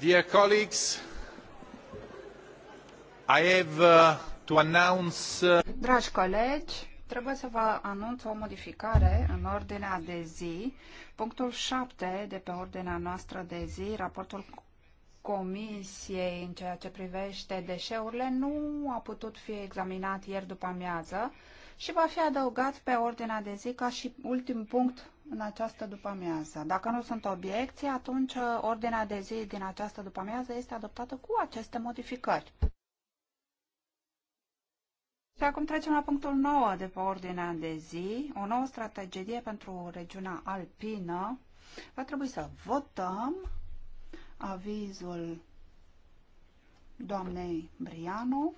Dear colleagues, I have uh, to announce... Uh, Dragi colegi, trebuie să vă anunț o modificare în ordinea de zi. Punctul 7 de pe ordinea noastră de zi, raportul Comisiei în ceea ce privește deșeurile, nu a putut fi examinat ieri după amiază și va fi adăugat pe ordinea de zi ca și ultim punct în această după-amiază. Dacă nu sunt obiecții, atunci uh, ordinea de zi din această după-amiază este adoptată cu aceste modificări. Și acum trecem la punctul 9 de pe ordinea de zi, o nouă strategie pentru regiunea alpină. Va trebui să votăm avizul doamnei Brianu.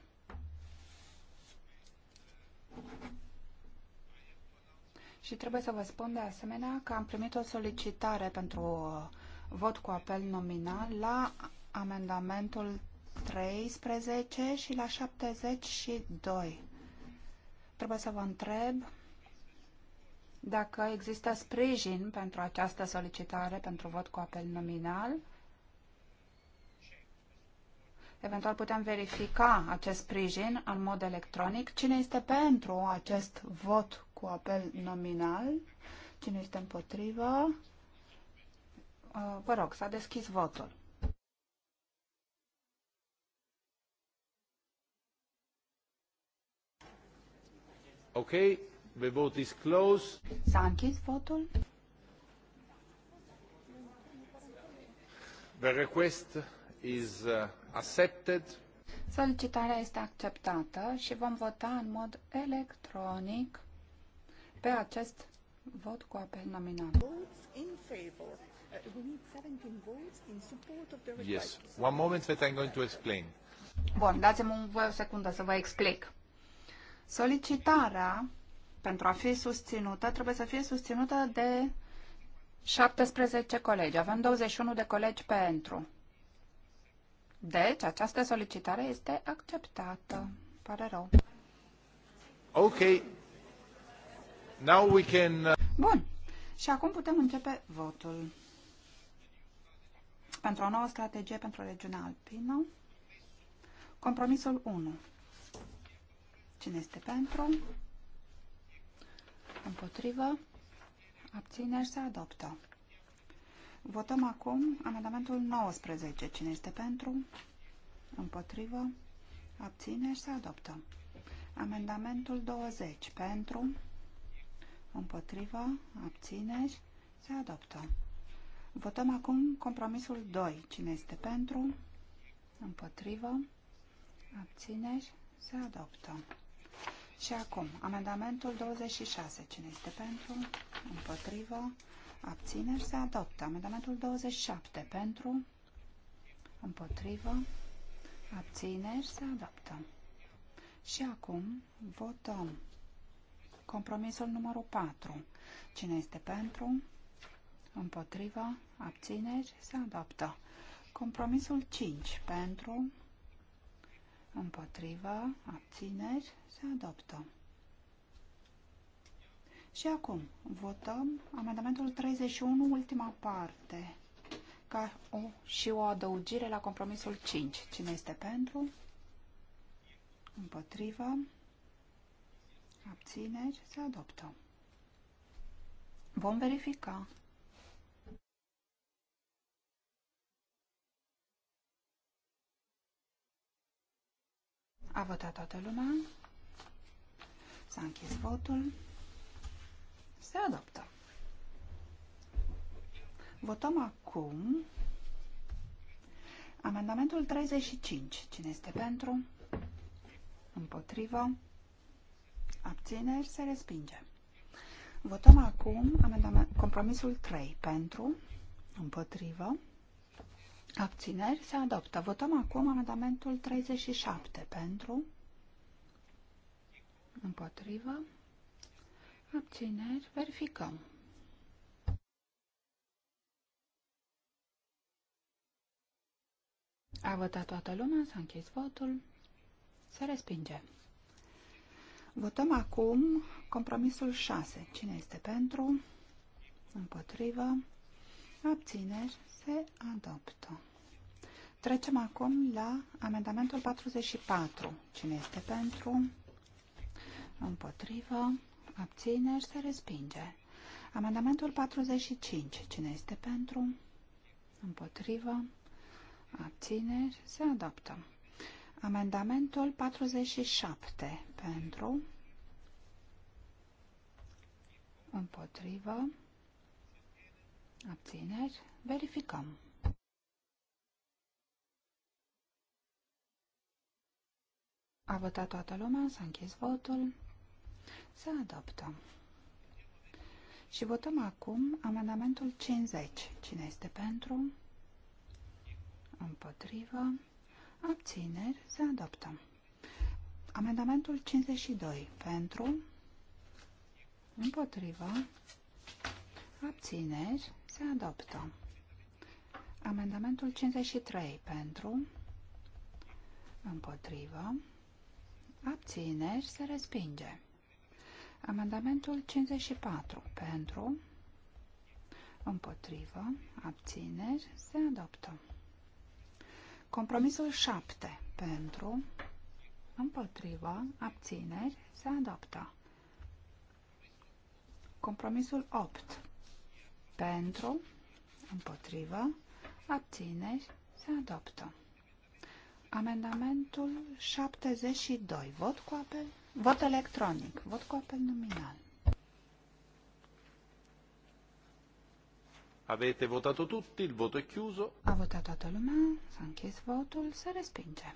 Și trebuie să vă spun de asemenea că am primit o solicitare pentru uh, vot cu apel nominal la amendamentul 13 și la 72. Trebuie să vă întreb dacă există sprijin pentru această solicitare pentru vot cu apel nominal. Eventual putem verifica acest sprijin în mod electronic. Cine este pentru acest vot cu apel nominal. Cine este împotrivă? Uh, vă rog, s-a deschis votul. Ok, the vote is closed. S-a închis votul. The request is uh, accepted. Solicitarea este acceptată și vom vota în mod electronic pe acest vot cu apel nominal. Uh, yes. One moment that I'm going to explain. Bun, dați-mi o secundă să vă explic. Solicitarea pentru a fi susținută trebuie să fie susținută de 17 colegi. Avem 21 de colegi pentru. Deci, această solicitare este acceptată. Pare rău. Ok, Now we can... Uh, Bun. Și acum putem începe votul. Pentru o nouă strategie pentru regiunea alpină, compromisul 1. Cine este pentru? Împotrivă? Abțineri se adoptă. Votăm acum amendamentul 19. Cine este pentru? Împotrivă? Abțineri se adoptă. Amendamentul 20. Pentru? împotriva, abțineri, se adoptă. Votăm acum compromisul 2. Cine este pentru, împotrivă, abțineri, se adoptă. Și acum, amendamentul 26. Cine este pentru, împotrivă, abțineri, se adoptă. Amendamentul 27. Pentru, împotrivă, abțineri, se adoptă. Și acum votăm Compromisul numărul 4. Cine este pentru? Împotriva? Abțineri? Se adoptă. Compromisul 5. Pentru? Împotriva? Abțineri? Se adoptă. Și acum votăm amendamentul 31, ultima parte, ca o, și o adăugire la compromisul 5. Cine este pentru? Împotriva? abțineri, se adoptă. Vom verifica. A votat toată lumea. S-a închis votul. Se adoptă. Votăm acum amendamentul 35. Cine este pentru? Împotrivă? abțineri, se respinge. Votăm acum amendament, compromisul 3 pentru, împotrivă, abțineri, se adoptă. Votăm acum amendamentul 37 pentru, împotrivă, abțineri, verificăm. A votat toată lumea, s-a închis votul, se respinge. Votăm acum compromisul 6. Cine este pentru? Împotrivă. Abțineri. Se adoptă. Trecem acum la amendamentul 44. Cine este pentru? Împotrivă. Abțineri. Se respinge. Amendamentul 45. Cine este pentru? Împotrivă. Abțineri. Se adoptă. Amendamentul 47 pentru, împotrivă, abțineri, verificăm. A votat toată lumea, s-a închis votul, se adoptă. Și votăm acum amendamentul 50. Cine este pentru? Împotrivă abțineri, se adoptă. Amendamentul 52 pentru, împotrivă, abțineri, se adoptă. Amendamentul 53 pentru, împotrivă, abțineri, se respinge. Amendamentul 54 pentru, împotrivă, abțineri, se adoptă. Compromisul 7 pentru, împotriva, abțineri, se adoptă. Compromisul 8 pentru, împotriva, abțineri, se adoptă. Amendamentul 72. Vot cu apel, vot electronic, vot cu apel nominal. Avete votato tutti, il voto è chiuso. Ha votato a Tolomà, s-a închis votul, se respinge.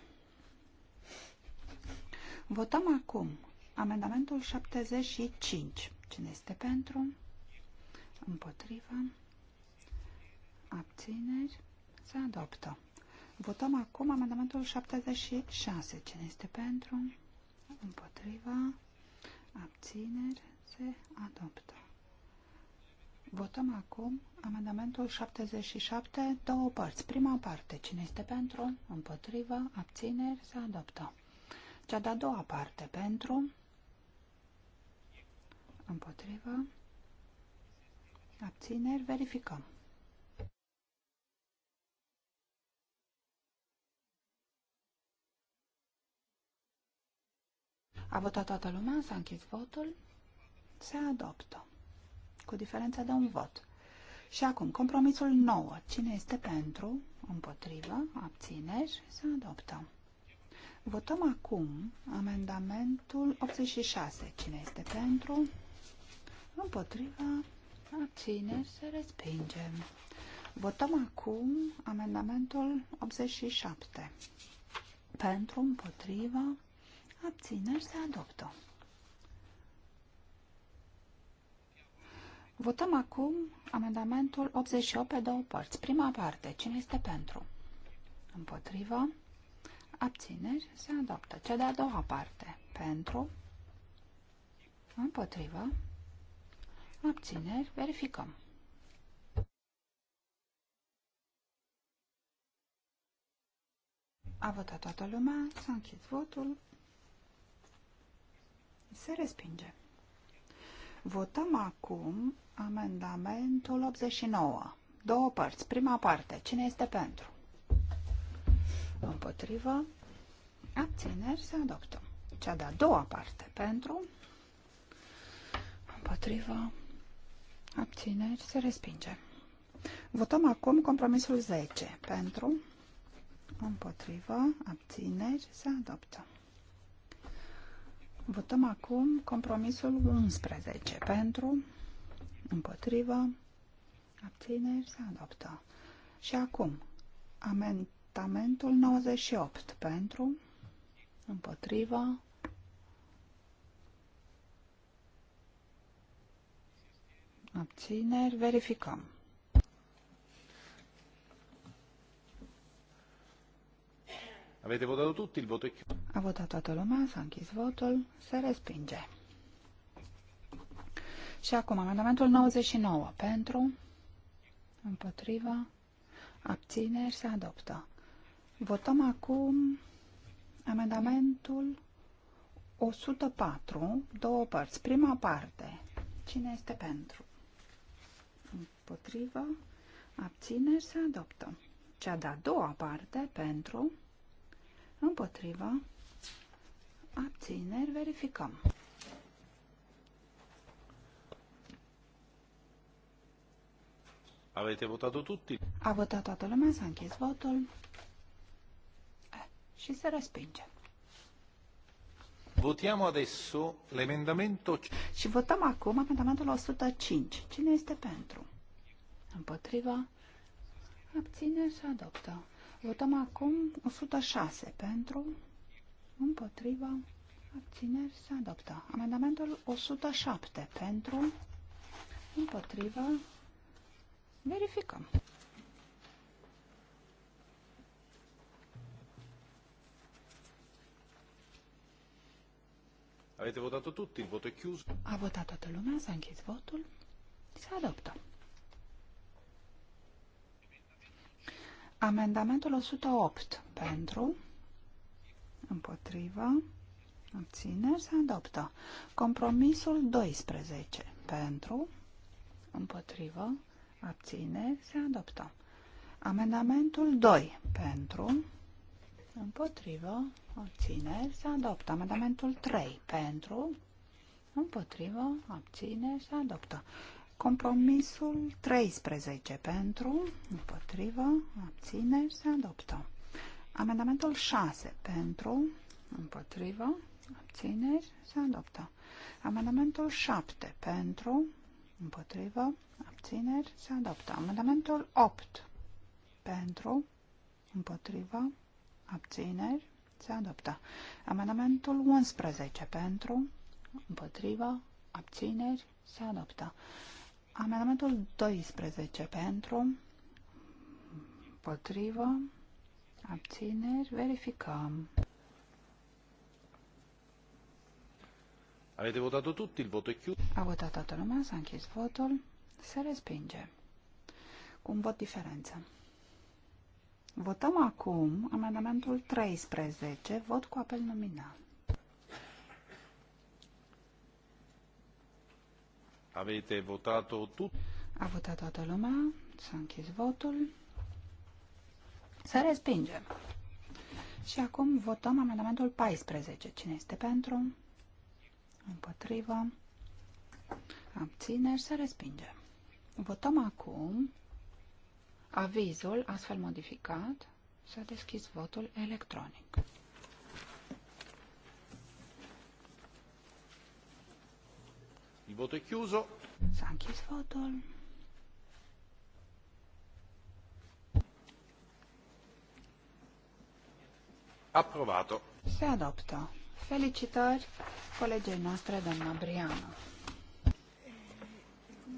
Votăm acum amendamentul 75. Cine este pentru? Împotrivă? Abțineri? Se adoptă. Votăm acum amendamentul 76. Cine este pentru? Împotrivă? Abțineri? Se adoptă. Votăm acum amendamentul 77, două părți. Prima parte, cine este pentru, împotrivă, abțineri, se adoptă. Cea de-a doua parte, pentru, împotrivă, abțineri, verificăm. A votat toată lumea, s-a închis votul, se adoptă cu diferența de un vot. Și acum, compromisul 9. Cine este pentru? Împotrivă? Abțineri? Se adoptă. Votăm acum amendamentul 86. Cine este pentru? împotrivă, Abțineri? Se respinge. Votăm acum amendamentul 87. Pentru, împotrivă, abțineri se adoptă. Votăm acum amendamentul 88 pe două părți. Prima parte. Cine este pentru? Împotrivă. Abțineri. Se adoptă. Cea de-a doua parte. Pentru. Împotrivă. Abțineri. Verificăm. A votat toată lumea. S-a închis votul. Se respinge. Votăm acum Amendamentul 89. Două părți. Prima parte. Cine este pentru? Împotrivă. Abțineri se adoptă. Cea de-a doua parte. Pentru. Împotrivă. Abțineri se respinge. Votăm acum compromisul 10. Pentru. Împotrivă. Abțineri se adoptă. Votăm acum compromisul 11. Pentru. Împotrivă. Abțineri se adoptă. Și acum, amendamentul 98 pentru, împotrivă, abțineri, verificăm. Avete votat tutti, il voto è chiuso. A votat toată lumea, s-a închis votul, se respinge. Și acum, amendamentul 99 pentru, împotriva, abțineri, se adoptă. Votăm acum amendamentul 104, două părți. Prima parte, cine este pentru? Împotriva, abțineri, se adoptă. Cea de-a doua parte, pentru, împotriva, abțineri, verificăm. Avete votato tutti? A votat toată lumea, s-a închis votul eh, și se respinge. Votiamo adesso l'emendamento... Și votăm acum amendamentul 105. Cine este pentru? Împotriva? Abține și adoptă. Votăm acum 106 pentru, împotriva, abțineri se adoptă. Amendamentul 107 pentru, împotriva, Verificăm. Avete votato tutti, il voto è chiuso. Ha votat toată lumea, s-a închis votul, se adoptă. Amendamentul 108 pentru, împotrivă, abțineri, se adoptă. Compromisul 12 pentru, împotrivă, abține, se adoptă. Amendamentul 2 pentru, împotrivă, abține, se adoptă. Amendamentul 3 pentru, împotrivă, abține, se adoptă. Compromisul 13 pentru, împotrivă, abține, se adoptă. Amendamentul 6 pentru, împotrivă, abține, se adoptă. Amendamentul 7 pentru, împotrivă, Abțineri se adoptă. Amendamentul 8. Pentru, împotriva, abțineri se adoptă. Amendamentul 11. Pentru, împotriva, abțineri se adoptă. Amendamentul 12. Pentru, împotriva, abțineri, verificăm. Avete votato tutti, il voto è chiuso. Ha votato toată lumea, s-a închis votul. Se respinge. Cu un vot diferență. Votăm acum amendamentul 13, vot cu apel nominal. Avete o tutti? A votat toată lumea, s-a închis votul. Se respinge. Și acum votăm amendamentul 14. Cine este pentru? Împotrivă. Abțineri. Se respinge. Votăm acum avizul astfel modificat. să deschis votul electronic. Il voto è chiuso. S-a închis votul. Approvato. Se adoptă. Felicitări colegei noastre, doamna Briana.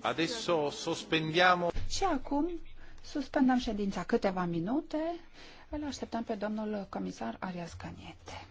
Adesso sospendiamo. Și acum suspendăm ședința câteva minute. Îl așteptăm pe domnul comisar Arias Caniete.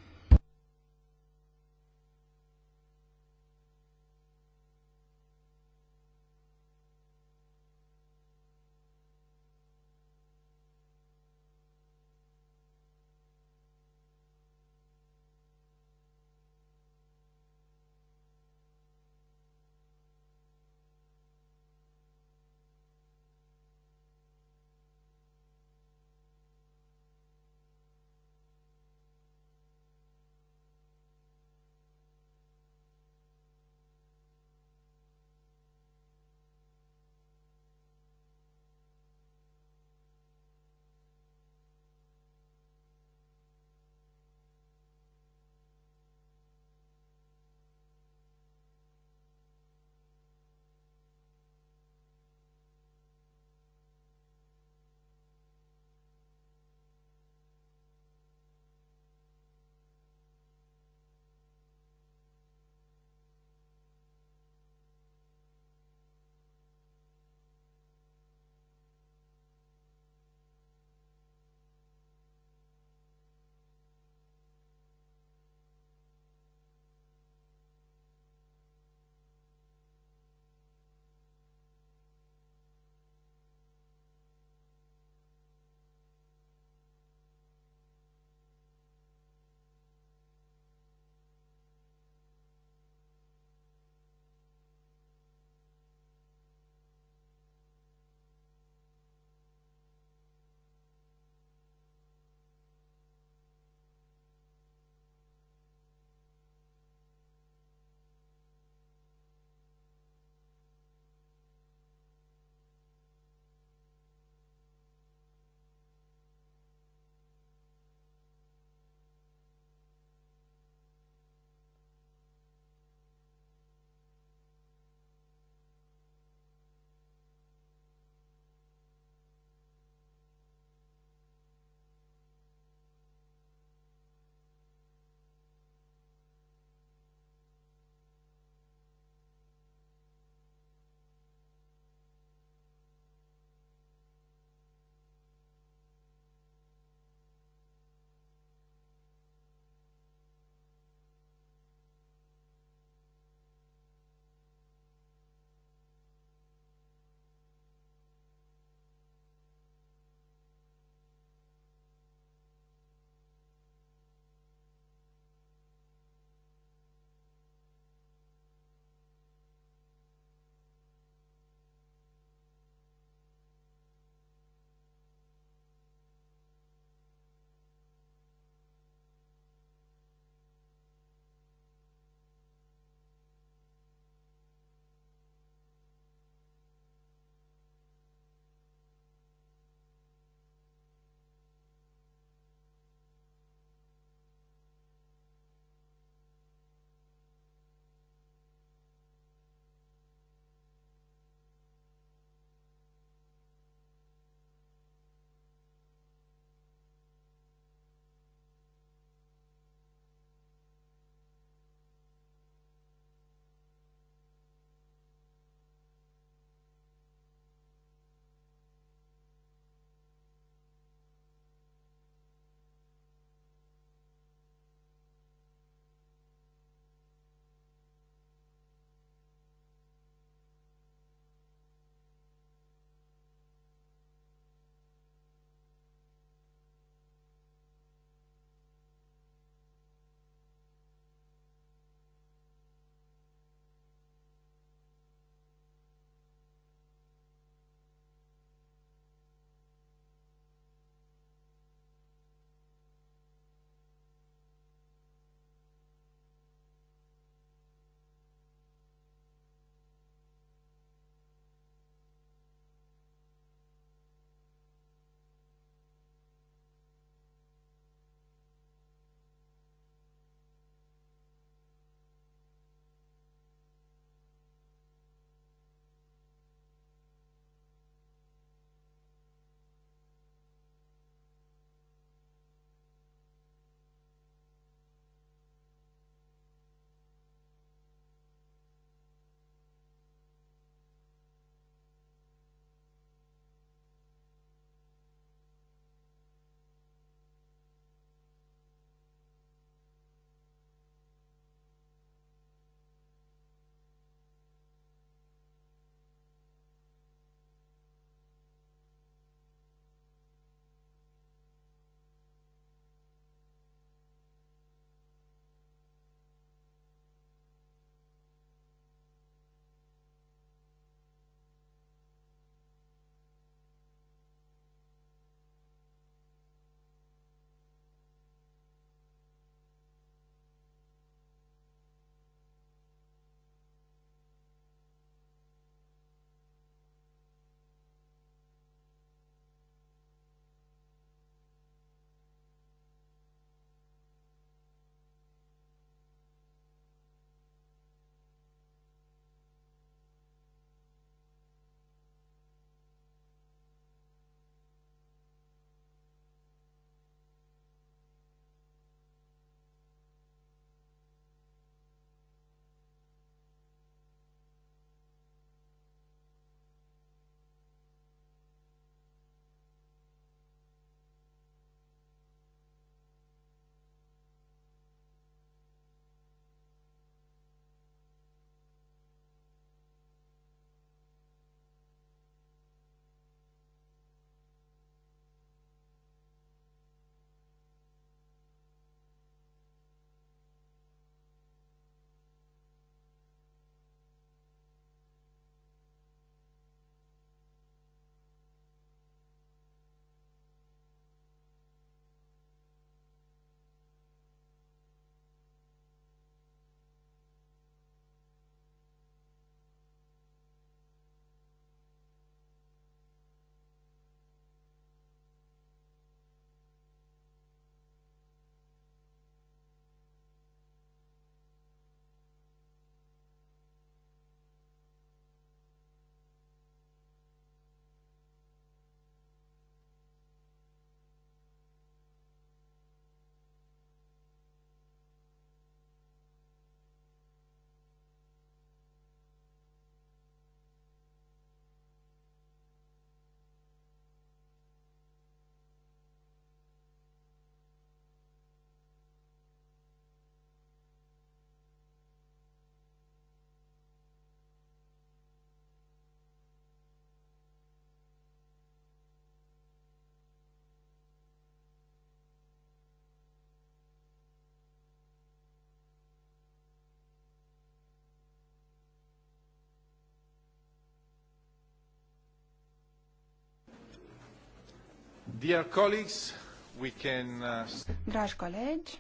Dear colleagues, we can... Uh, Dragi colegi,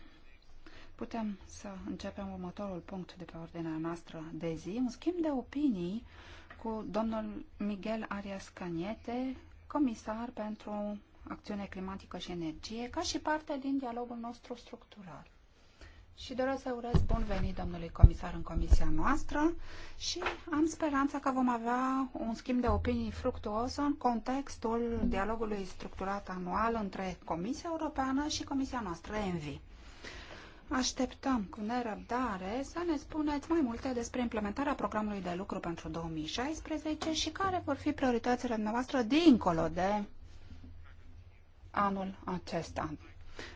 putem să începem următorul punct de pe ordinea noastră de zi, un schimb de opinii cu domnul Miguel Arias Caniete, comisar pentru acțiune climatică și energie, ca și parte din dialogul nostru structural și doresc să urez bun venit domnului comisar în comisia noastră și am speranța că vom avea un schimb de opinii fructuos în contextul dialogului structurat anual între Comisia Europeană și Comisia noastră ENVI. Așteptăm cu nerăbdare să ne spuneți mai multe despre implementarea programului de lucru pentru 2016 și care vor fi prioritățile noastre dincolo de anul acesta.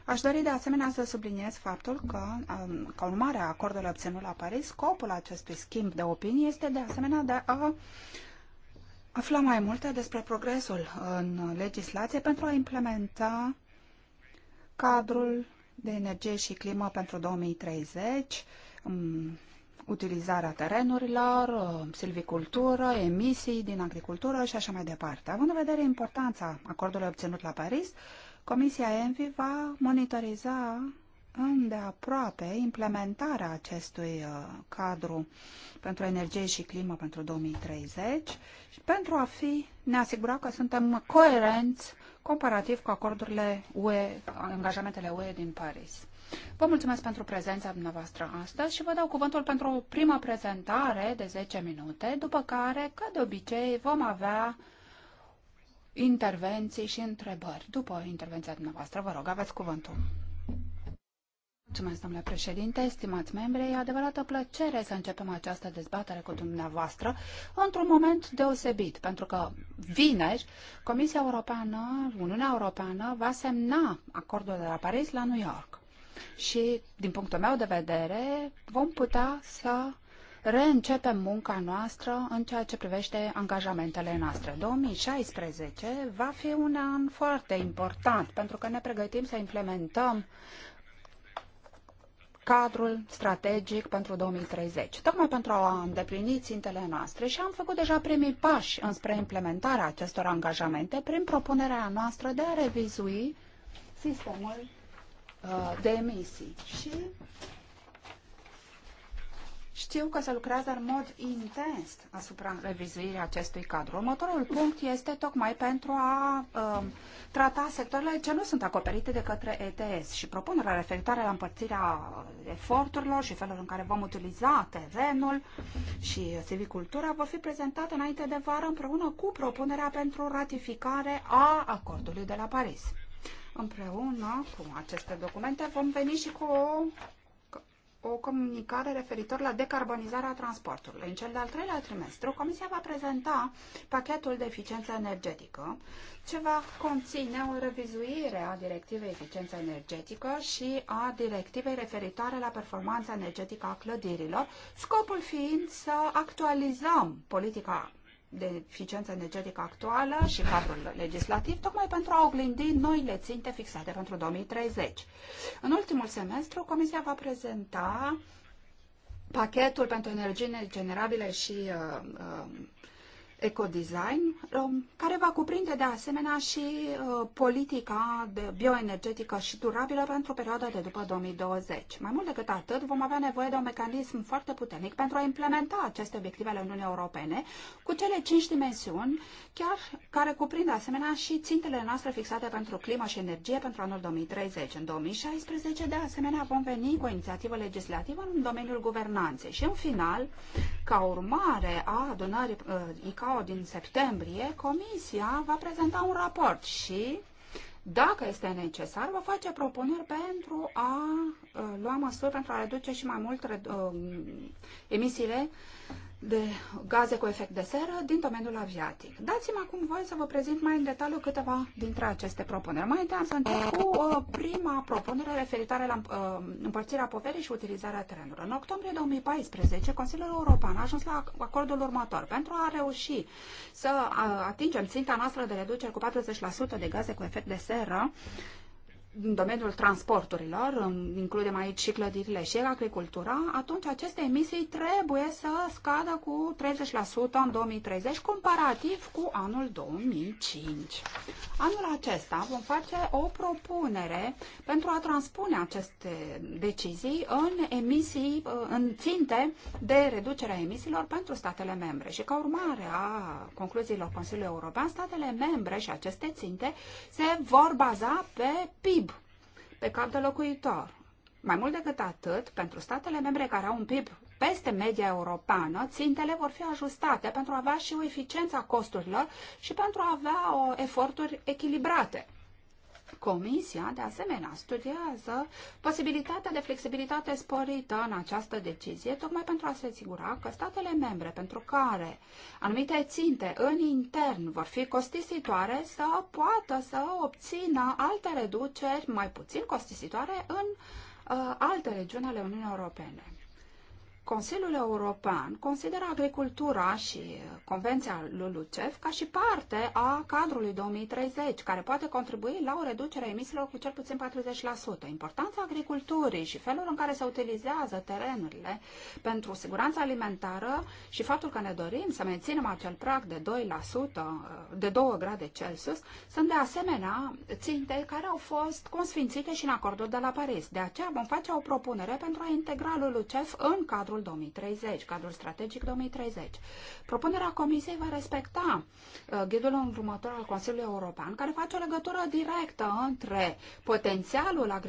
Aș dori de asemenea să subliniez faptul că, um, ca urmare a acordului obținut la Paris, scopul acestui schimb de opinii este de asemenea de a afla mai multe despre progresul în legislație pentru a implementa cadrul de energie și climă pentru 2030, um, utilizarea terenurilor, um, silvicultură, emisii din agricultură și așa mai departe. Având în vedere importanța acordului obținut la Paris, Comisia ENVI va monitoriza îndeaproape implementarea acestui uh, cadru pentru energie și climă pentru 2030 și pentru a fi ne asigura că suntem coerenți comparativ cu acordurile UE, angajamentele UE din Paris. Vă mulțumesc pentru prezența dumneavoastră astăzi și vă dau cuvântul pentru o primă prezentare de 10 minute, după care, ca de obicei, vom avea intervenții și întrebări. După intervenția dumneavoastră, vă rog, aveți cuvântul. Mulțumesc, domnule președinte, stimați membri, e adevărată plăcere să începem această dezbatere cu dumneavoastră într-un moment deosebit, pentru că vineri Comisia Europeană, Uniunea Europeană va semna acordul de la Paris la New York. Și, din punctul meu de vedere, vom putea să reîncepem munca noastră în ceea ce privește angajamentele noastre. 2016 va fi un an foarte important pentru că ne pregătim să implementăm cadrul strategic pentru 2030, tocmai pentru a îndeplini țintele noastre și am făcut deja primii pași înspre implementarea acestor angajamente prin propunerea noastră de a revizui sistemul uh, de emisii. Și știu că se lucrează în mod intens asupra revizuirii acestui cadru. Următorul punct este tocmai pentru a uh, trata sectoarele ce nu sunt acoperite de către ETS și propunerea referitoare la împărțirea eforturilor și felul în care vom utiliza terenul și silvicultura vor fi prezentate înainte de vară împreună cu propunerea pentru ratificare a acordului de la Paris. Împreună cu aceste documente vom veni și cu o o comunicare referitor la decarbonizarea transportului. În cel de-al treilea trimestru, Comisia va prezenta pachetul de eficiență energetică, ce va conține o revizuire a directivei eficiență energetică și a directivei referitoare la performanța energetică a clădirilor, scopul fiind să actualizăm politica de eficiență energetică actuală și cadrul legislativ, tocmai pentru a oglindi noile ținte fixate pentru 2030. În ultimul semestru, Comisia va prezenta pachetul pentru energie generabile și uh, uh, ecodesign, um, care va cuprinde de asemenea și uh, politica bioenergetică și durabilă pentru perioada de după 2020. Mai mult decât atât, vom avea nevoie de un mecanism foarte puternic pentru a implementa aceste obiective ale Uniunii Europene cu cele cinci dimensiuni, chiar care cuprind de asemenea și țintele noastre fixate pentru climă și energie pentru anul 2030. În 2016, de asemenea, vom veni cu o inițiativă legislativă în domeniul guvernanței. Și în final, ca urmare a adunării uh, ICAO, 29 din septembrie, Comisia va prezenta un raport și, dacă este necesar, va face propuneri pentru a uh, lua măsuri pentru a reduce și mai mult uh, emisiile de gaze cu efect de seră din domeniul aviatic. Dați-mi acum voi să vă prezint mai în detaliu câteva dintre aceste propuneri. Mai întâi am să încep cu uh, prima propunere referitoare la uh, împărțirea poverii și utilizarea terenurilor. În octombrie 2014, Consiliul European a ajuns la acordul următor. Pentru a reuși să uh, atingem ținta noastră de reducere cu 40% de gaze cu efect de seră, uh, în domeniul transporturilor, includem aici și clădirile și agricultura, atunci aceste emisii trebuie să scadă cu 30% în 2030, comparativ cu anul 2005. Anul acesta vom face o propunere pentru a transpune aceste decizii în emisii, uh, în ținte de reducere a emisiilor pentru statele membre. Și ca urmare a concluziilor Consiliului European, statele membre și aceste ținte se vor baza pe PIB pe cap de locuitor. Mai mult decât atât, pentru statele membre care au un PIB peste media europeană, țintele vor fi ajustate pentru a avea și o eficiență a costurilor și pentru a avea o, eforturi echilibrate. Comisia, de asemenea, studiază posibilitatea de flexibilitate sporită în această decizie, tocmai pentru a se asigura că statele membre pentru care anumite ținte în intern vor fi costisitoare să poată să obțină alte reduceri mai puțin costisitoare în uh, alte regiuni ale Uniunii Europene. Consiliul European consideră agricultura și Convenția LULUCEF ca și parte a cadrului 2030, care poate contribui la o reducere a emisiilor cu cel puțin 40%. Importanța agriculturii și felul în care se utilizează terenurile pentru siguranța alimentară și faptul că ne dorim să menținem acel prag de 2%, de 2 grade Celsius, sunt de asemenea ținte care au fost consfințite și în acordul de la Paris. De aceea vom face o propunere pentru a integra LULUCEF în cadrul cadrul 2030, cadrul strategic 2030. Propunerea Comisiei va respecta uh, ghidul următor al Consiliului European, care face o legătură directă între potențialul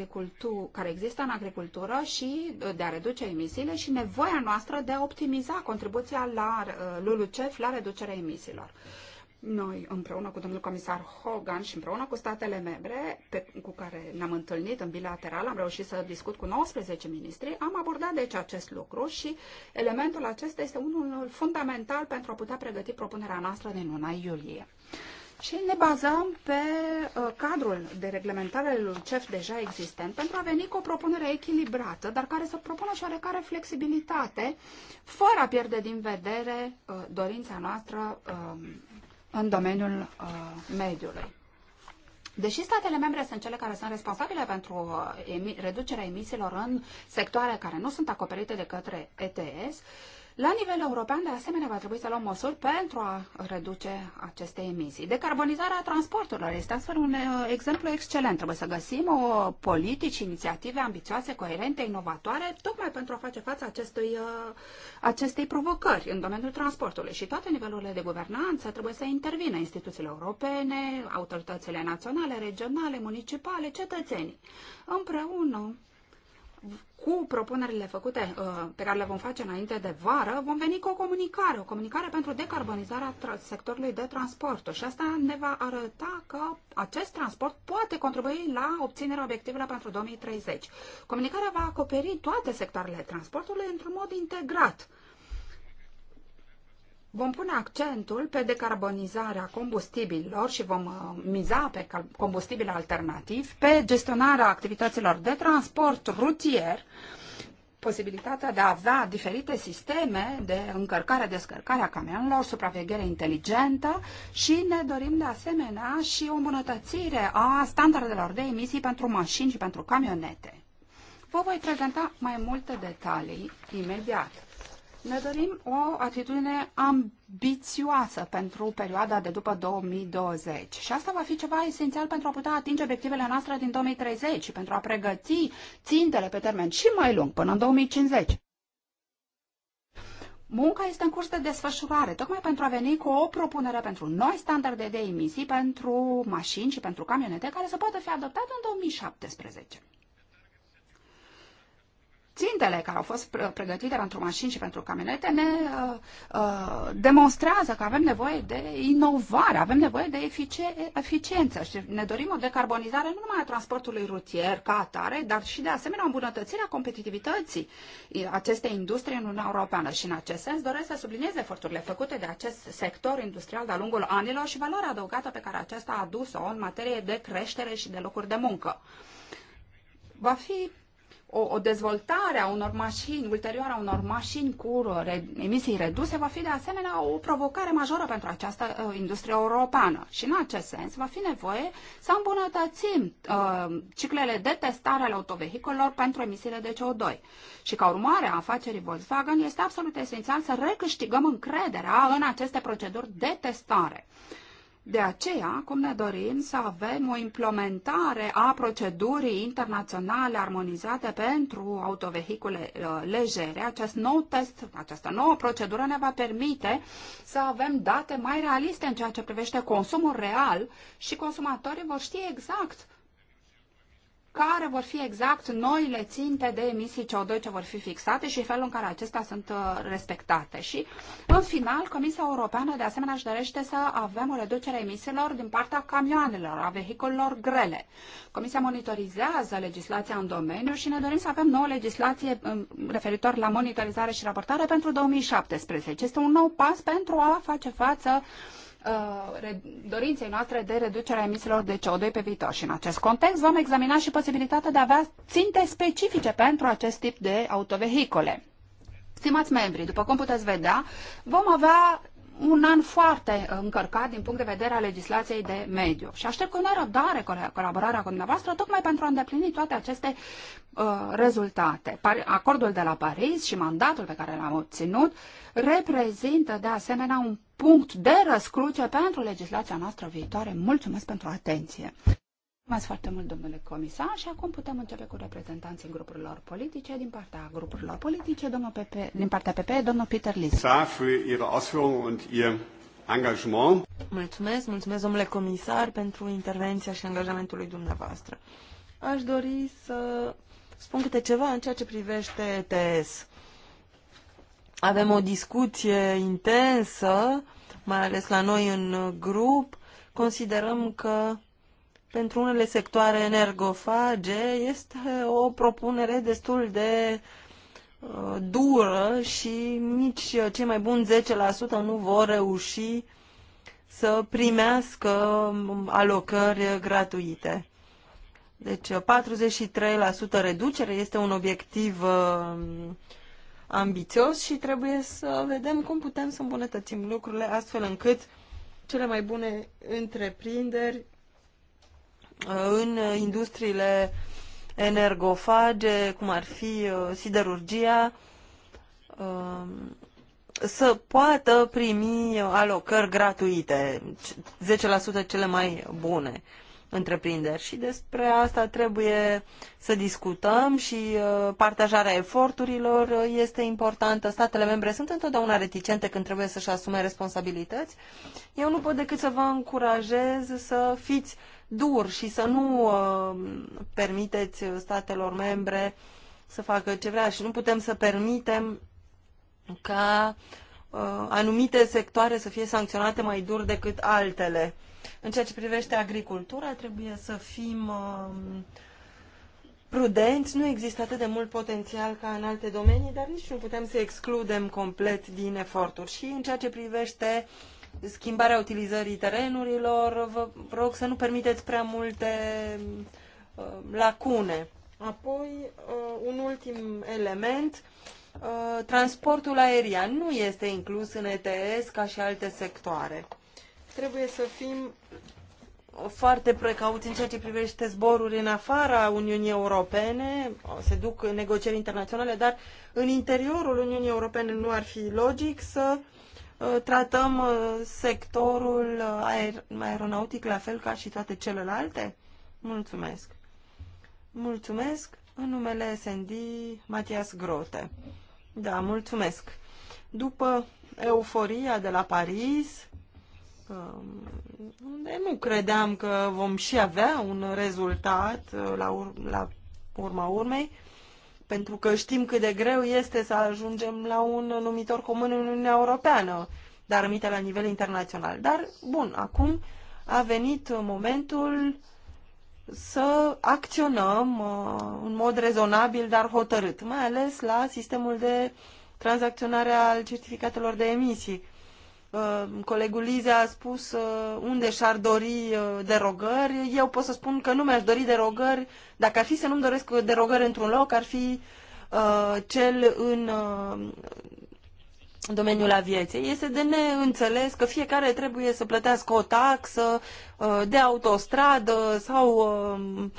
care există în agricultură și uh, de a reduce emisiile și nevoia noastră de a optimiza contribuția la uh, LULUCEF la reducerea emisiilor. Uh, noi, împreună cu domnul comisar Hogan și împreună cu statele membre pe, cu care ne-am întâlnit în bilateral, am reușit să discut cu 19 ministri, am abordat deci acest lucru și elementul acesta este unul fundamental pentru a putea pregăti propunerea noastră din luna iulie. Și ne bazăm pe uh, cadrul de reglementare al CEF deja existent pentru a veni cu o propunere echilibrată, dar care să propună și oarecare flexibilitate, fără a pierde din vedere uh, dorința noastră uh, în domeniul uh, mediului. Deși statele membre sunt cele care sunt responsabile pentru uh, emi reducerea emisiilor în sectoare care nu sunt acoperite de către ETS, uh, la nivel european, de asemenea, va trebui să luăm măsuri pentru a reduce aceste emisii. Decarbonizarea transporturilor este astfel un uh, exemplu excelent. Trebuie să găsim o uh, politici, inițiative ambițioase, coerente, inovatoare, tocmai pentru a face față acestui, uh, acestei provocări în domeniul transportului. Și toate nivelurile de guvernanță trebuie să intervină instituțiile europene, autoritățile naționale, regionale, municipale, cetățenii. Împreună cu propunerile făcute uh, pe care le vom face înainte de vară, vom veni cu o comunicare, o comunicare pentru decarbonizarea sectorului de transport. Și asta ne va arăta că acest transport poate contribui la obținerea obiectivelor pentru 2030. Comunicarea va acoperi toate sectoarele transportului într-un mod integrat Vom pune accentul pe decarbonizarea combustibililor și vom uh, miza pe combustibile alternativ, pe gestionarea activităților de transport rutier, posibilitatea de a avea diferite sisteme de încărcare, descărcare a camionelor, supraveghere inteligentă și ne dorim de asemenea și o îmbunătățire a standardelor de emisii pentru mașini și pentru camionete. Vă voi prezenta mai multe detalii imediat. Ne dorim o atitudine ambițioasă pentru perioada de după 2020 și asta va fi ceva esențial pentru a putea atinge obiectivele noastre din 2030 și pentru a pregăti țintele pe termen și mai lung, până în 2050. Munca este în curs de desfășurare, tocmai pentru a veni cu o propunere pentru noi standarde de emisii pentru mașini și pentru camionete care să poată fi adoptate în 2017. Țintele care au fost pregătite pentru mașini și pentru camionete ne uh, uh, demonstrează că avem nevoie de inovare, avem nevoie de efice- eficiență și ne dorim o decarbonizare nu numai a transportului rutier ca atare, dar și de asemenea o îmbunătățire a competitivității acestei industrie în Uniunea Europeană. Și în acest sens doresc să subliniez eforturile făcute de acest sector industrial de-a lungul anilor și valoarea adăugată pe care acesta a adus-o în materie de creștere și de locuri de muncă va fi o, o dezvoltare a unor mașini, ulterioară a unor mașini cu re, emisii reduse, va fi de asemenea o provocare majoră pentru această uh, industrie europeană. Și în acest sens va fi nevoie să îmbunătățim uh, ciclele de testare ale autovehicolelor pentru emisiile de CO2. Și ca urmare a afacerii Volkswagen este absolut esențial să recâștigăm încrederea în aceste proceduri de testare. Uh, de aceea, cum ne dorim să avem o implementare a procedurii internaționale armonizate pentru autovehicule uh, legere. Acest nou test, această nouă procedură ne va permite să avem date mai realiste în ceea ce privește consumul real și consumatorii vor ști exact care vor fi exact noile ținte de emisii CO2 ce vor fi fixate și felul în care acestea sunt uh, respectate. Și, în final, Comisia Europeană, de asemenea, își dorește să avem o reducere emisiilor din partea camioanelor, a vehiculelor grele. Comisia monitorizează legislația în domeniu și ne dorim să avem nouă legislație um, referitor la monitorizare și raportare pentru 2017. Este un nou pas pentru a face față uh, Uh, dorinței noastre de reducerea emisiilor de CO2 pe viitor. Și în acest context vom examina și posibilitatea de a avea ținte specifice pentru acest tip de autovehicole. Stimați membri, după cum puteți vedea, vom avea un an foarte uh, încărcat din punct de vedere a legislației de mediu. Și aștept cu nerăbdare colaborarea cu dumneavoastră, tocmai pentru a îndeplini toate aceste uh, rezultate. acordul de la Paris și mandatul pe care l-am obținut reprezintă de asemenea un punct de răscruce pentru legislația noastră viitoare. Mulțumesc pentru atenție! Mulțumesc foarte mult, domnule comisar, și acum putem începe cu reprezentanții grupurilor politice. Din partea grupurilor politice, domnul Pepe, din partea PP, domnul Peter Lis. Mulțumesc, mulțumesc, domnule comisar, pentru intervenția și angajamentul lui dumneavoastră. Aș dori să spun câte ceva în ceea ce privește ETS. Avem o discuție intensă, mai ales la noi în grup. Considerăm că pentru unele sectoare energofage este o propunere destul de uh, dură și nici cei mai buni 10% nu vor reuși să primească um, alocări gratuite. Deci 43% uh, reducere este un obiectiv um, ambițios și trebuie să vedem cum putem să îmbunătățim lucrurile astfel încât cele mai bune întreprinderi în industriile energofage, cum ar fi uh, siderurgia, uh, să poată primi alocări gratuite, 10% cele mai bune întreprinderi. Și despre asta trebuie să discutăm și uh, partajarea eforturilor este importantă. Statele membre sunt întotdeauna reticente când trebuie să-și asume responsabilități. Eu nu pot decât să vă încurajez să fiți dur și să nu uh, permiteți statelor membre să facă ce vrea și nu putem să permitem ca uh, anumite sectoare să fie sancționate mai dur decât altele. În ceea ce privește agricultura, trebuie să fim uh, prudenți. Nu există atât de mult potențial ca în alte domenii, dar nici nu putem să excludem complet din eforturi. Și în ceea ce privește uh, schimbarea utilizării terenurilor, vă rog să nu permiteți prea multe uh, lacune. Apoi, uh, un ultim element, uh, transportul aerian nu este inclus în ETS ca și alte sectoare. Trebuie să fim foarte precauți în ceea ce privește zboruri în afara Uniunii Europene, se duc negocieri internaționale, dar în interiorul Uniunii Europene nu ar fi logic să uh, Uh, tratăm uh, sectorul uh, aer aeronautic la fel ca și toate celelalte? Mulțumesc! Mulțumesc în numele SND Matias Grote. Da, mulțumesc! După euforia de la Paris, um, unde nu credeam că vom și avea un rezultat la, ur- la urma urmei, pentru că știm cât de greu este să ajungem la un numitor comun în Uniunea Europeană, dar minte la nivel internațional. Dar, bun, acum a venit momentul să acționăm uh, în mod rezonabil, dar hotărât, mai ales la sistemul de tranzacționare al certificatelor de emisii. Uh, colegul Lize a spus uh, unde și-ar dori uh, derogări. Eu pot să spun că nu mi-aș dori derogări. Dacă ar fi să nu-mi doresc derogări într-un loc, ar fi cel în domeniul aviației. Este de neînțeles că fiecare trebuie să plătească o taxă de autostradă sau um,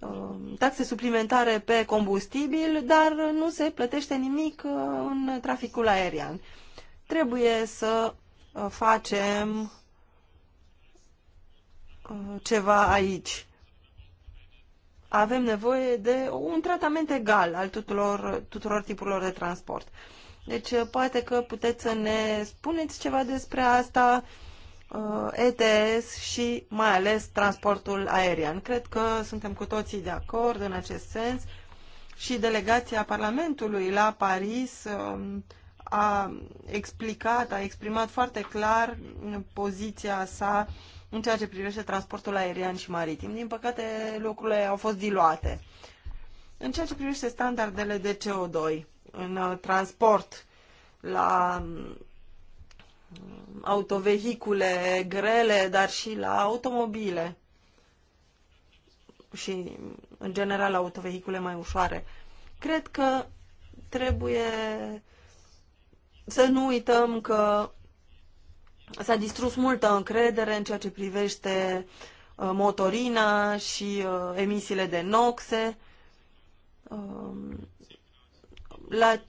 um, taxe suplimentare pe combustibil, dar nu se plătește nimic în traficul aerian. Trebuie să Uh, facem uh, ceva aici. Avem nevoie de un tratament egal al tuturor, tuturor tipurilor de transport. Deci uh, poate că puteți să ne spuneți ceva despre asta, ETS și mai ales transportul aerian. Cred că suntem cu toții de acord în acest sens și delegația Parlamentului la Paris um, a explicat, a exprimat foarte clar poziția sa în ceea ce privește transportul aerian și maritim. Din păcate, lucrurile au fost diluate. În ceea ce privește standardele de CO2 în uh, transport la um, autovehicule grele, dar și la automobile și, în general, autovehicule mai ușoare. Cred că trebuie să nu uităm că s-a distrus multă încredere în ceea ce privește uh, motorina și uh, emisiile de noxe. Um, la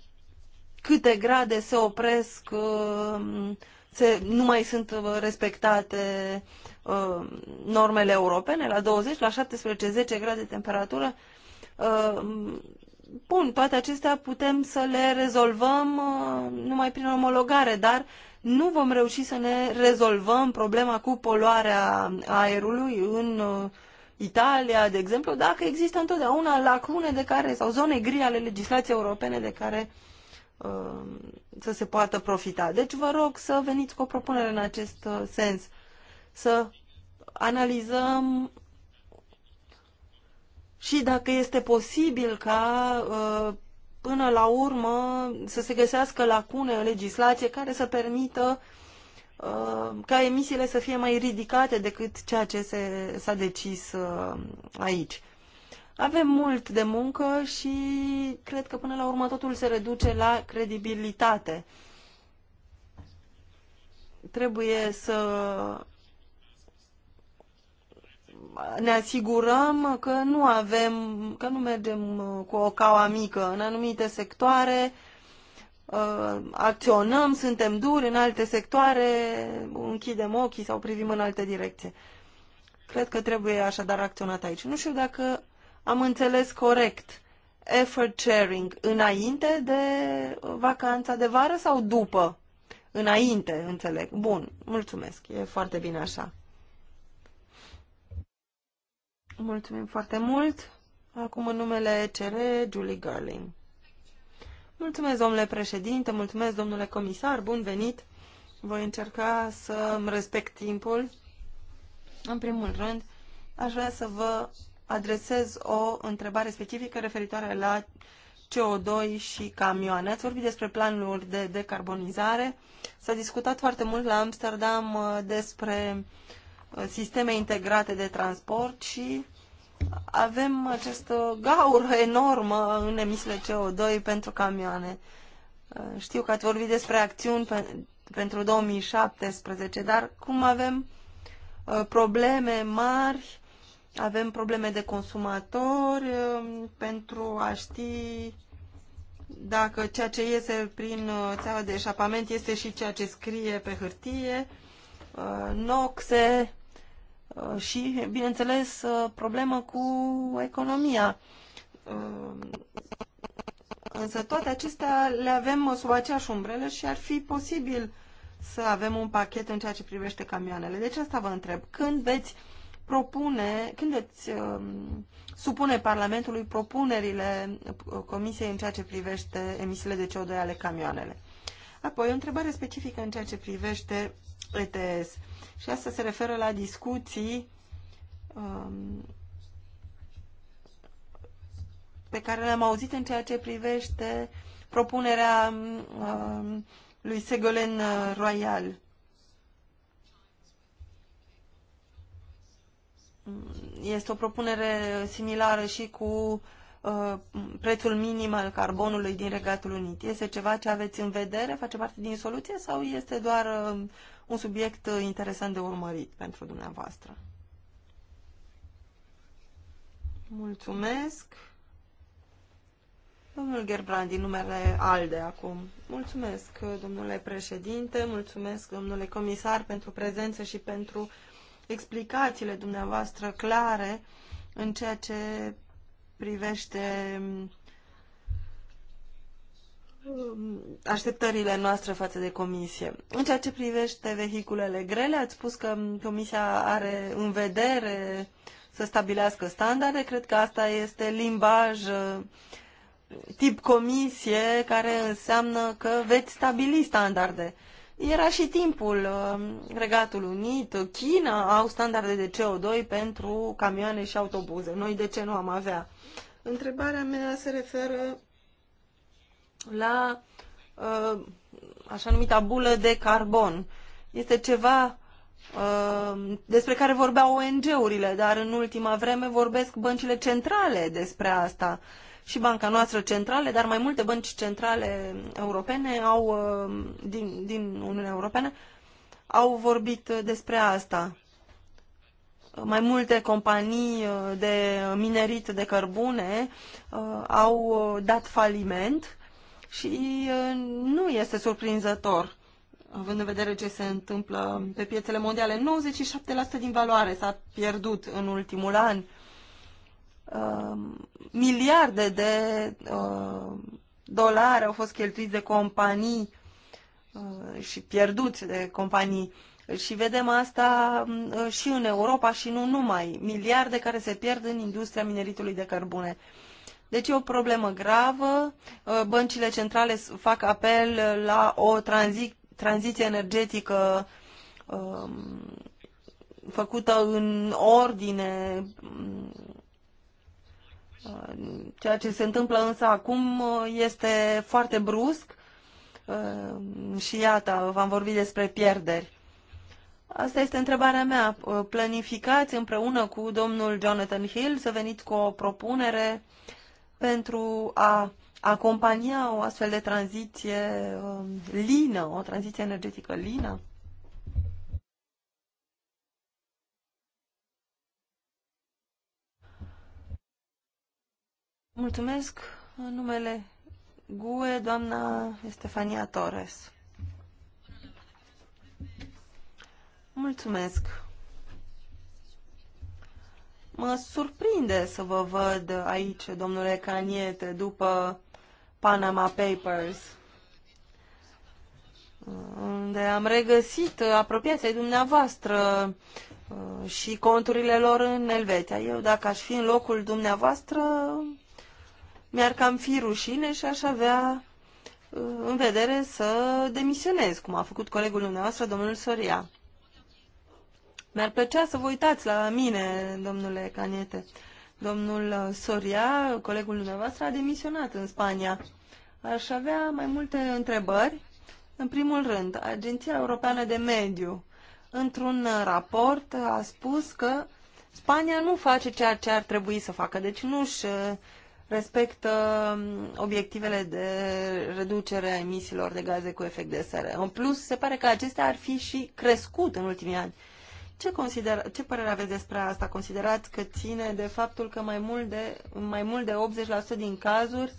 câte grade se opresc, um, se, nu mai sunt uh, respectate um, normele europene, la 20, la 17-10 grade temperatură, Bun, toate acestea putem să le rezolvăm uh, numai prin omologare, dar nu vom reuși să ne rezolvăm problema cu poluarea aerului în uh, Italia, de exemplu, dacă există întotdeauna lacune de care, sau zone gri ale legislației europene de care uh, să se poată profita. Deci vă rog să veniți cu o propunere în acest uh, sens, să analizăm și dacă este posibil ca uh, până la urmă să se găsească lacune în legislație care să permită uh, ca emisiile să fie mai ridicate decât ceea ce s-a decis uh, aici. Avem mult de muncă și cred că până la urmă totul se reduce la credibilitate. Trebuie să ne asigurăm că nu avem, că nu mergem uh, cu o caua mică în anumite sectoare, uh, acționăm, suntem duri în alte sectoare, închidem ochii sau privim în alte direcții. Cred că trebuie așadar acționat aici. Nu știu dacă am înțeles corect effort sharing înainte de uh, vacanța de vară sau după? Înainte, înțeleg. Bun, mulțumesc. E foarte bine așa. Mulțumim foarte mult. Acum în numele CR, Julie Garling. Mulțumesc, domnule președinte, mulțumesc, domnule comisar, bun venit. Voi încerca să îmi respect timpul. În primul rând, aș vrea să vă adresez o întrebare specifică referitoare la CO2 și camioane. Ați vorbit despre planuri de decarbonizare. S-a discutat foarte mult la Amsterdam uh, despre uh, sisteme integrate de transport și avem această gaură enormă în emisiile CO2 pentru camioane. Uh, știu că ați vorbit despre acțiuni pe, pentru 2017, dar cum avem uh, probleme mari, avem probleme de consumatori uh, pentru a ști dacă ceea ce iese prin țeava de eșapament este și ceea ce scrie pe hârtie, noxe, Uh, și, bineînțeles, uh, problemă cu economia. Uh, însă toate acestea le avem sub aceeași umbrelă și ar fi posibil să avem un pachet în ceea ce privește camioanele. Deci asta vă întreb. Când veți propune, când veți uh, supune Parlamentului propunerile Comisiei în ceea ce privește emisiile de CO2 ale camioanele? Apoi, o întrebare specifică în ceea ce privește ETS. Și asta se referă la discuții um, pe care le-am auzit în ceea ce privește propunerea um, lui Segolen Royal. Este o propunere similară și cu uh, prețul minim al carbonului din Regatul Unit. Este ceva ce aveți în vedere? Face parte din soluție sau este doar uh, un subiect uh, interesant de urmărit pentru dumneavoastră. Mulțumesc. Domnul Gerbrand, din numele ALDE acum. Mulțumesc, uh, domnule președinte, mulțumesc, domnule comisar, pentru prezență și pentru explicațiile dumneavoastră clare în ceea ce privește um, Um, așteptările noastre față de comisie. În ceea ce privește vehiculele grele, ați spus că comisia are în vedere să stabilească standarde. Cred că asta este limbaj uh, tip comisie care înseamnă că veți stabili standarde. Era și timpul. Um, Regatul Unit, China au standarde de CO2 pentru camioane și autobuze. Noi de ce nu am avea? Întrebarea mea se referă la uh, așa numita bulă de carbon. Este ceva uh, despre care vorbeau ONG-urile, dar în ultima vreme vorbesc băncile centrale despre asta și banca noastră centrale, dar mai multe bănci centrale europene au, uh, din, din Uniunea Europeană au vorbit despre asta. Mai multe companii uh, de minerit de cărbune uh, au dat faliment și nu este surprinzător, având în vedere ce se întâmplă pe piețele mondiale. 97% din valoare s-a pierdut în ultimul an. Um, miliarde de uh, dolari au fost cheltuiți de companii uh, și pierduți de companii. Și vedem asta um, și în Europa și nu numai. Miliarde care se pierd în industria mineritului de cărbune. Deci e o problemă gravă. Uh, băncile centrale fac apel la o tranzi- tranziție energetică um, făcută în ordine. Um, uh, ceea ce se întâmplă însă acum uh, este foarte brusc um, și iată, v-am vorbit despre pierderi. Asta este întrebarea mea. Planificați împreună cu domnul Jonathan Hill să veniți cu o propunere pentru a acompania o astfel de tranziție um, lină, o tranziție energetică lină? Mulțumesc în numele GUE, doamna Estefania Torres. Mulțumesc. Mă surprinde să vă văd aici, domnule Caniete, după Panama Papers, unde am regăsit apropiația dumneavoastră uh, și conturile lor în Elveția. Eu, dacă aș fi în locul dumneavoastră, mi-ar cam fi rușine și aș avea uh, în vedere să demisionez, cum a făcut colegul dumneavoastră, domnul Soria. Mi-ar plăcea să vă uitați la mine, domnule Caniete. Domnul Soria, colegul dumneavoastră, a demisionat în Spania. Aș avea mai multe întrebări. În primul rând, Agenția Europeană de Mediu, într-un raport, a spus că Spania nu face ceea ce ar trebui să facă, deci nu își uh, respectă um, obiectivele de reducere a emisiilor de gaze cu efect de seră. În plus, se pare că acestea ar fi și crescut în ultimii ani. Ce, consider, ce părere aveți despre asta? Considerați că ține de faptul că mai mult de, mai mult de 80% din cazuri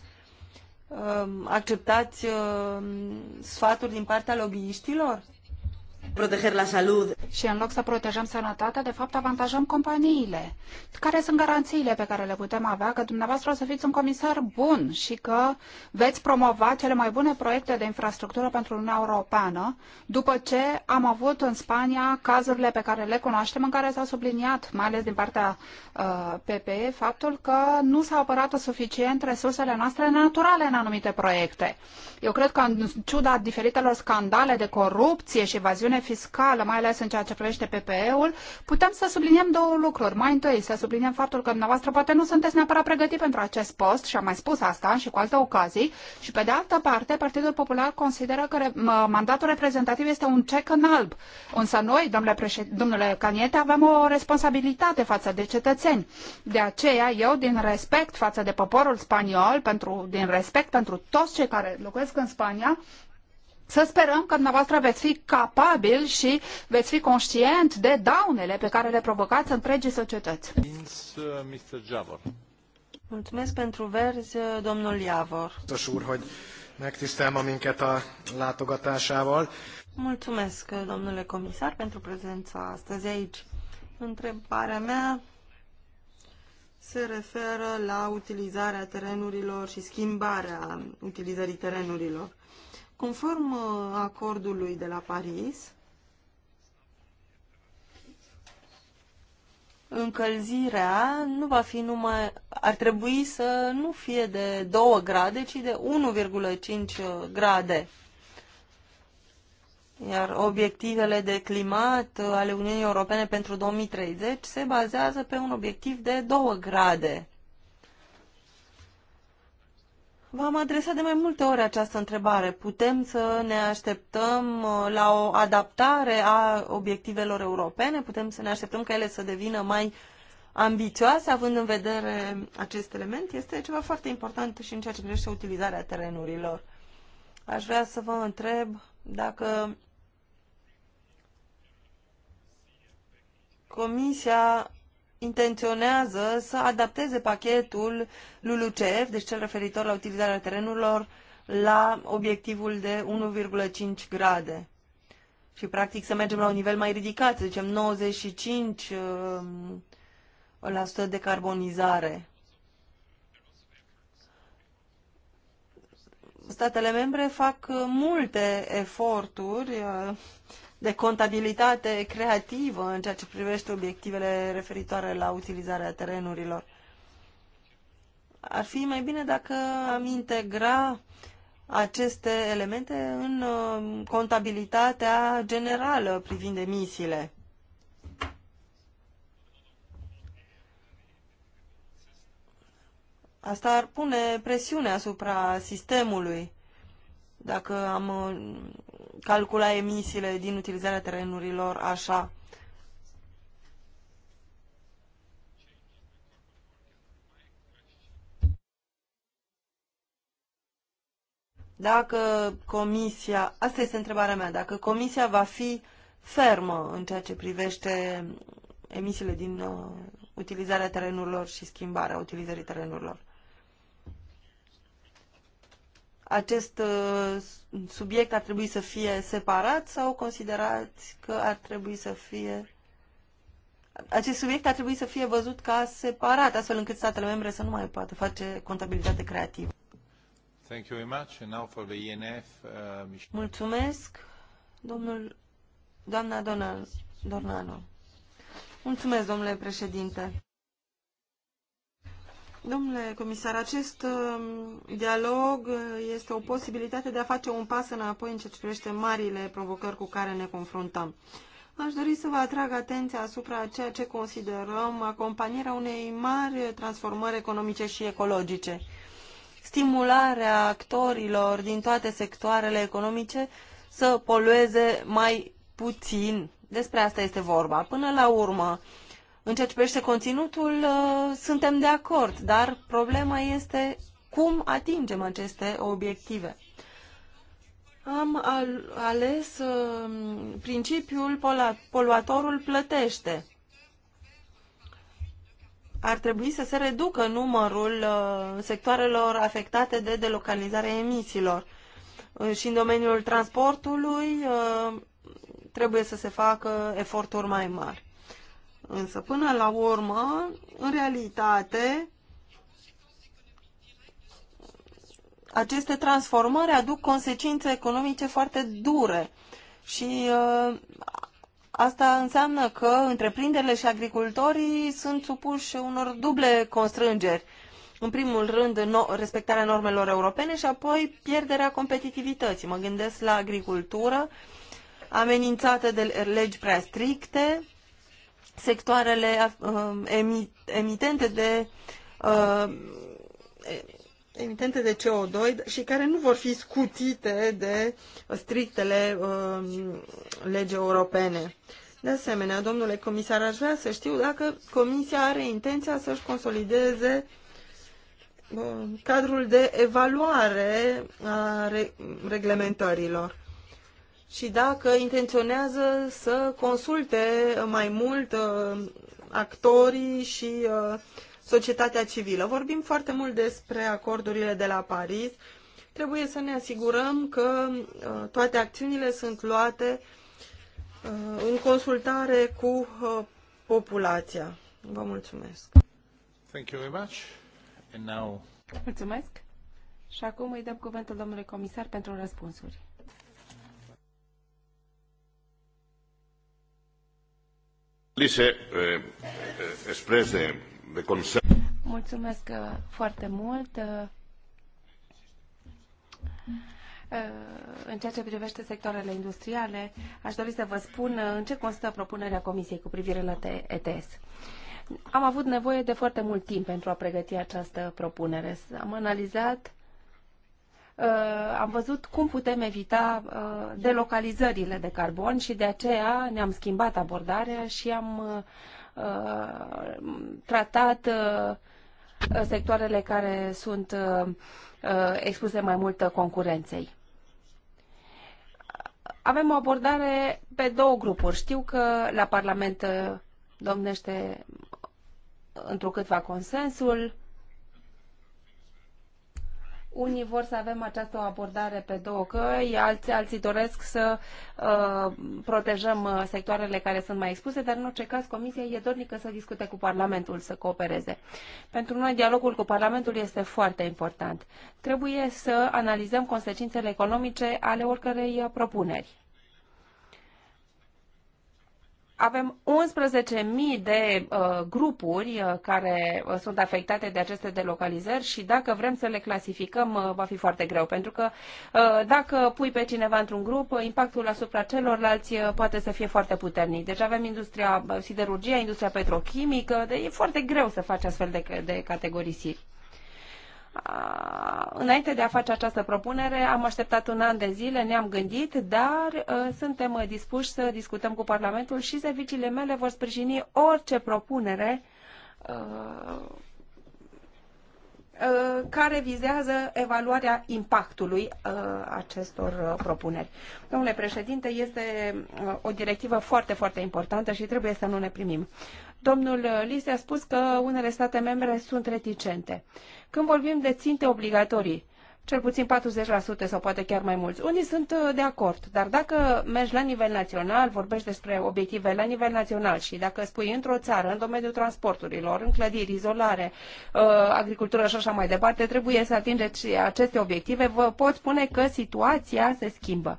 um, acceptați um, sfaturi din partea lobbyiștilor? proteger la salud. Și în loc să protejăm sănătatea, de fapt avantajăm companiile. Care sunt garanțiile pe care le putem avea că dumneavoastră o să fiți un comisar bun și că veți promova cele mai bune proiecte de infrastructură pentru Uniunea Europeană, după ce am avut în Spania cazurile pe care le cunoaștem, în care s-a subliniat, mai ales din partea uh, PPE, faptul că nu s-au apărat suficient resursele noastre naturale în anumite proiecte. Eu cred că, în ciuda diferitelor scandale de corupție și evaziune Uniune Fiscală, mai ales în ceea ce privește PPE-ul, putem să subliniem două lucruri. Mai întâi, să subliniem faptul că dumneavoastră poate nu sunteți neapărat pregătit pentru acest post și am mai spus asta și cu alte ocazii. Și pe de altă parte, Partidul Popular consideră că mandatul reprezentativ este un cec în alb. Însă noi, domnule, președ... domnule Caniete, avem o responsabilitate față de cetățeni. De aceea, eu, din respect față de poporul spaniol, pentru, din respect pentru toți cei care locuiesc în Spania, să sperăm că dumneavoastră veți fi capabil și veți fi conștient de daunele pe care le provocați întregii societăți. Uh, Mulțumesc pentru verzi, uh, domnul Iavor. Megtisztel ma minket a látogatásával. Mulțumesc, uh, domnule comisar, pentru prezența astăzi aici. Întrebarea mea se referă la utilizarea terenurilor și schimbarea utilizării terenurilor. Conform uh, acordului de la Paris, încălzirea nu va fi numai, ar trebui să nu fie de 2 grade, ci de 1,5 uh, grade. Iar obiectivele de climat uh, ale Uniunii Europene pentru 2030 se bazează pe un obiectiv de 2 grade. V-am adresat de mai multe ori această întrebare. Putem să ne așteptăm uh, la o adaptare a obiectivelor europene? Putem să ne așteptăm ca ele să devină mai ambițioase, având în vedere acest element? Este ceva foarte important și în ceea ce privește utilizarea terenurilor. Aș vrea să vă întreb dacă Comisia intenționează să adapteze pachetul LULUCF, deci cel referitor la utilizarea terenurilor, la obiectivul de 1,5 grade. Și practic să mergem la un nivel mai ridicat, să zicem 95 um, la de carbonizare. Statele membre fac uh, multe eforturi uh, de contabilitate creativă în ceea ce privește obiectivele referitoare la utilizarea terenurilor. Ar fi mai bine dacă am integra aceste elemente în uh, contabilitatea generală privind emisiile. Asta ar pune presiune asupra sistemului. Dacă am uh, calcula emisiile din utilizarea terenurilor așa. Dacă comisia, asta este întrebarea mea, dacă comisia va fi fermă în ceea ce privește emisiile din uh, utilizarea terenurilor și schimbarea utilizării terenurilor acest uh, subiect ar trebui să fie separat sau considerați că ar trebui să fie acest subiect ar trebui să fie văzut ca separat, astfel încât statele membre să nu mai poată face contabilitate creativă. Thank you very much. And now for the INF, uh, Mulțumesc, domnul, doamna Donal, Dornano. Mulțumesc, domnule președinte. Domnule comisar, acest um, dialog uh, este o posibilitate de a face un pas înapoi în ceea ce privește marile provocări cu care ne confruntăm. Aș dori să vă atrag atenția asupra ceea ce considerăm acompanierea unei mari transformări economice și ecologice. Stimularea actorilor din toate sectoarele economice să polueze mai puțin. Despre asta este vorba. Până la urmă, în ceea ce privește conținutul, uh, suntem de acord, dar problema este cum atingem aceste obiective. Am ales uh, principiul poluatorul plătește. Ar trebui să se reducă numărul uh, sectoarelor afectate de delocalizarea emisiilor. Și în domeniul transportului trebuie să se facă eforturi mai mari. Însă, până la urmă, în realitate, aceste transformări aduc consecințe economice foarte dure și uh, asta înseamnă că întreprinderile și agricultorii sunt supuși unor duble constrângeri. În primul rând, no respectarea normelor europene și apoi pierderea competitivității. Mă gândesc la agricultură amenințată de legi prea stricte, sectoarele uh, emitente de uh, emitente de CO2 și care nu vor fi scutite de strictele uh, legi europene. De asemenea, domnule comisar, aș vrea să știu dacă Comisia are intenția să-și consolideze cadrul de evaluare a reglementărilor și dacă intenționează să consulte mai mult uh, actorii și uh, societatea civilă. Vorbim foarte mult despre acordurile de la Paris. Trebuie să ne asigurăm că uh, toate acțiunile sunt luate în consultare cu populația. Vă mulțumesc. Thank you very much. And now... Mulțumesc. Și acum îi dăm cuvântul domnului comisar pentru răspunsuri. Eh, Mulțumesc eh, foarte mult. Eh, în ceea ce privește sectoarele industriale, aș dori să vă spun în ce constă propunerea Comisiei cu privire la ETS. Am avut nevoie de foarte mult timp pentru a pregăti această propunere. Am analizat Uh, am văzut cum putem evita uh, delocalizările de carbon și de aceea ne-am schimbat abordarea și am uh, tratat sectoarele care sunt expuse mai mult concurenței avem o abordare pe două grupuri. Știu că la Parlament domnește întrucâtva consensul unii vor să avem această abordare pe două căi, alții, alții doresc să uh, protejăm uh, sectoarele care sunt mai expuse, dar în orice caz Comisia e dornică să discute cu Parlamentul, să coopereze. Pentru noi dialogul cu Parlamentul este foarte important. Trebuie să analizăm consecințele economice ale oricărei uh, propuneri avem 11.000 de uh, grupuri uh, care uh, sunt afectate de aceste delocalizări și dacă vrem să le clasificăm, uh, va fi foarte greu, pentru că uh, dacă pui pe cineva într-un grup, uh, impactul asupra celorlalți uh, poate să fie foarte puternic. Deci avem industria uh, siderurgia, industria petrochimică, de, e foarte greu să faci astfel de, de categorisiri. Înainte de a face această propunere, am așteptat un an de zile, ne-am gândit, dar suntem dispuși să discutăm cu Parlamentul și serviciile mele vor sprijini orice propunere care vizează evaluarea impactului acestor propuneri. Domnule președinte, este o directivă foarte, foarte importantă și trebuie să nu ne primim. Domnul Lise a spus că unele state membre sunt reticente. Uh, când vorbim de ținte obligatorii, cel puțin 40% sau poate chiar mai mulți. Unii sunt uh, de acord, dar dacă mergi la nivel național, vorbești despre obiective la nivel național și dacă spui într-o țară, în domeniul transporturilor, în clădiri, izolare, uh, agricultură și așa mai departe, trebuie să atingeți aceste obiective, vă pot spune că situația se schimbă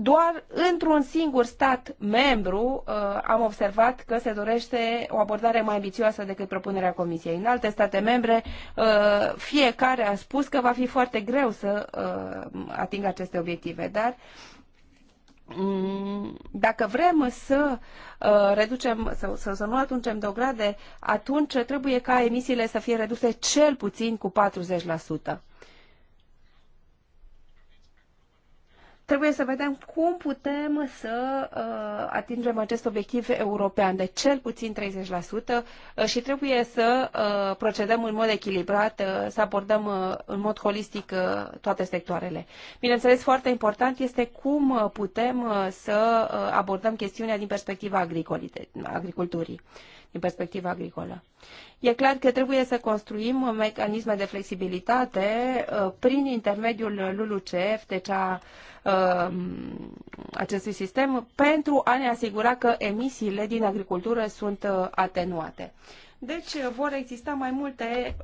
doar într-un singur stat membru uh, am observat că se dorește o abordare mai ambițioasă decât propunerea Comisiei. În alte state membre, uh, fiecare a spus că va fi foarte greu să uh, atingă aceste obiective, dar mm, dacă vrem să reducem, să, să, nu atungem 2 grade, atunci trebuie ca emisiile să fie reduse cel puțin cu 40%. trebuie să vedem cum putem să uh, atingem acest obiectiv european de cel puțin 30% uh, și trebuie să uh, procedăm în mod echilibrat, uh, să abordăm uh, în mod holistic uh, toate sectoarele. Bineînțeles, foarte important este cum uh, putem uh, să uh, abordăm chestiunea din perspectiva agriculturii din perspectiva agricolă. E clar că trebuie să construim mecanisme de flexibilitate uh, prin intermediul LULUCF, deci a uh, acestui sistem, pentru a ne asigura că emisiile din agricultură sunt uh, atenuate. Deci vor exista mai multe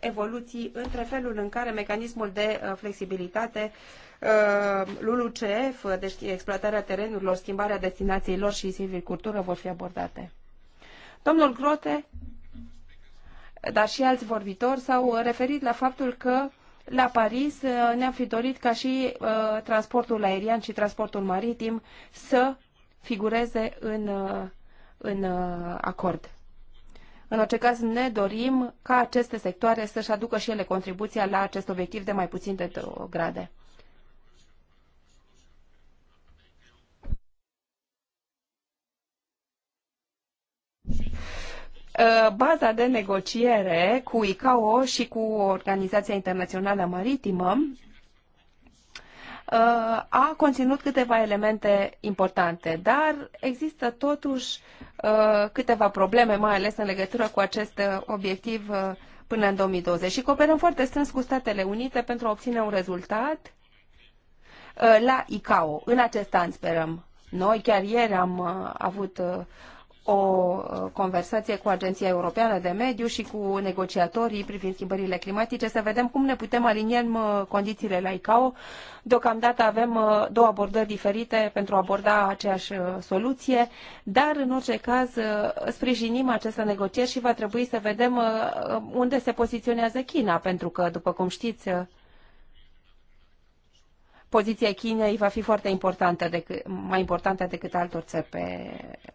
evoluții între felul în care mecanismul de flexibilitate LULUCF, deci exploatarea terenurilor, schimbarea destinațiilor și silvicultură vor fi abordate. Domnul Grote, dar și alți vorbitori s-au referit la faptul că la Paris uh, ne-am fi dorit ca și uh, transportul aerian și transportul maritim să figureze în, uh, în uh, acord. În orice caz, ne dorim ca aceste sectoare să-și aducă și ele contribuția la acest obiectiv de mai puțin de 2 grade. Uh, baza de negociere cu ICAO și cu Organizația Internațională Maritimă uh, a conținut câteva elemente importante, dar există totuși uh, câteva probleme, mai ales în legătură cu acest obiectiv până în 2020. Și cooperăm foarte strâns cu Statele Unite pentru a obține un rezultat la ICAO. În acest an sperăm. Noi chiar ieri am avut o uh, conversație cu Agenția Europeană de Mediu și cu negociatorii privind schimbările climatice să vedem cum ne putem alinia în uh, condițiile la ICAO. Deocamdată avem uh, două abordări diferite pentru a aborda aceeași soluție, dar în orice caz sprijinim aceste negocieri și va trebui să vedem unde se poziționează China, pentru că, după cum știți, poziția Chinei va fi foarte importantă, decât, mai importantă decât altor țări pe,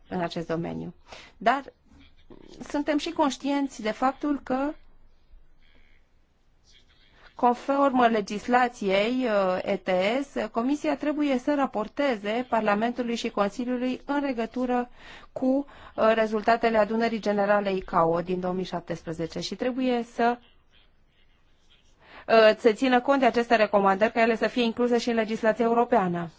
în acest domeniu. Dar suntem și conștienți de faptul că Conform legislației uh, ETS, Comisia trebuie să raporteze Parlamentului și Consiliului în legătură cu uh, rezultatele adunării generale ICAO din 2017 și trebuie să Uh, să țină cont de aceste recomandări, ca ele să fie incluse și în legislația europeană.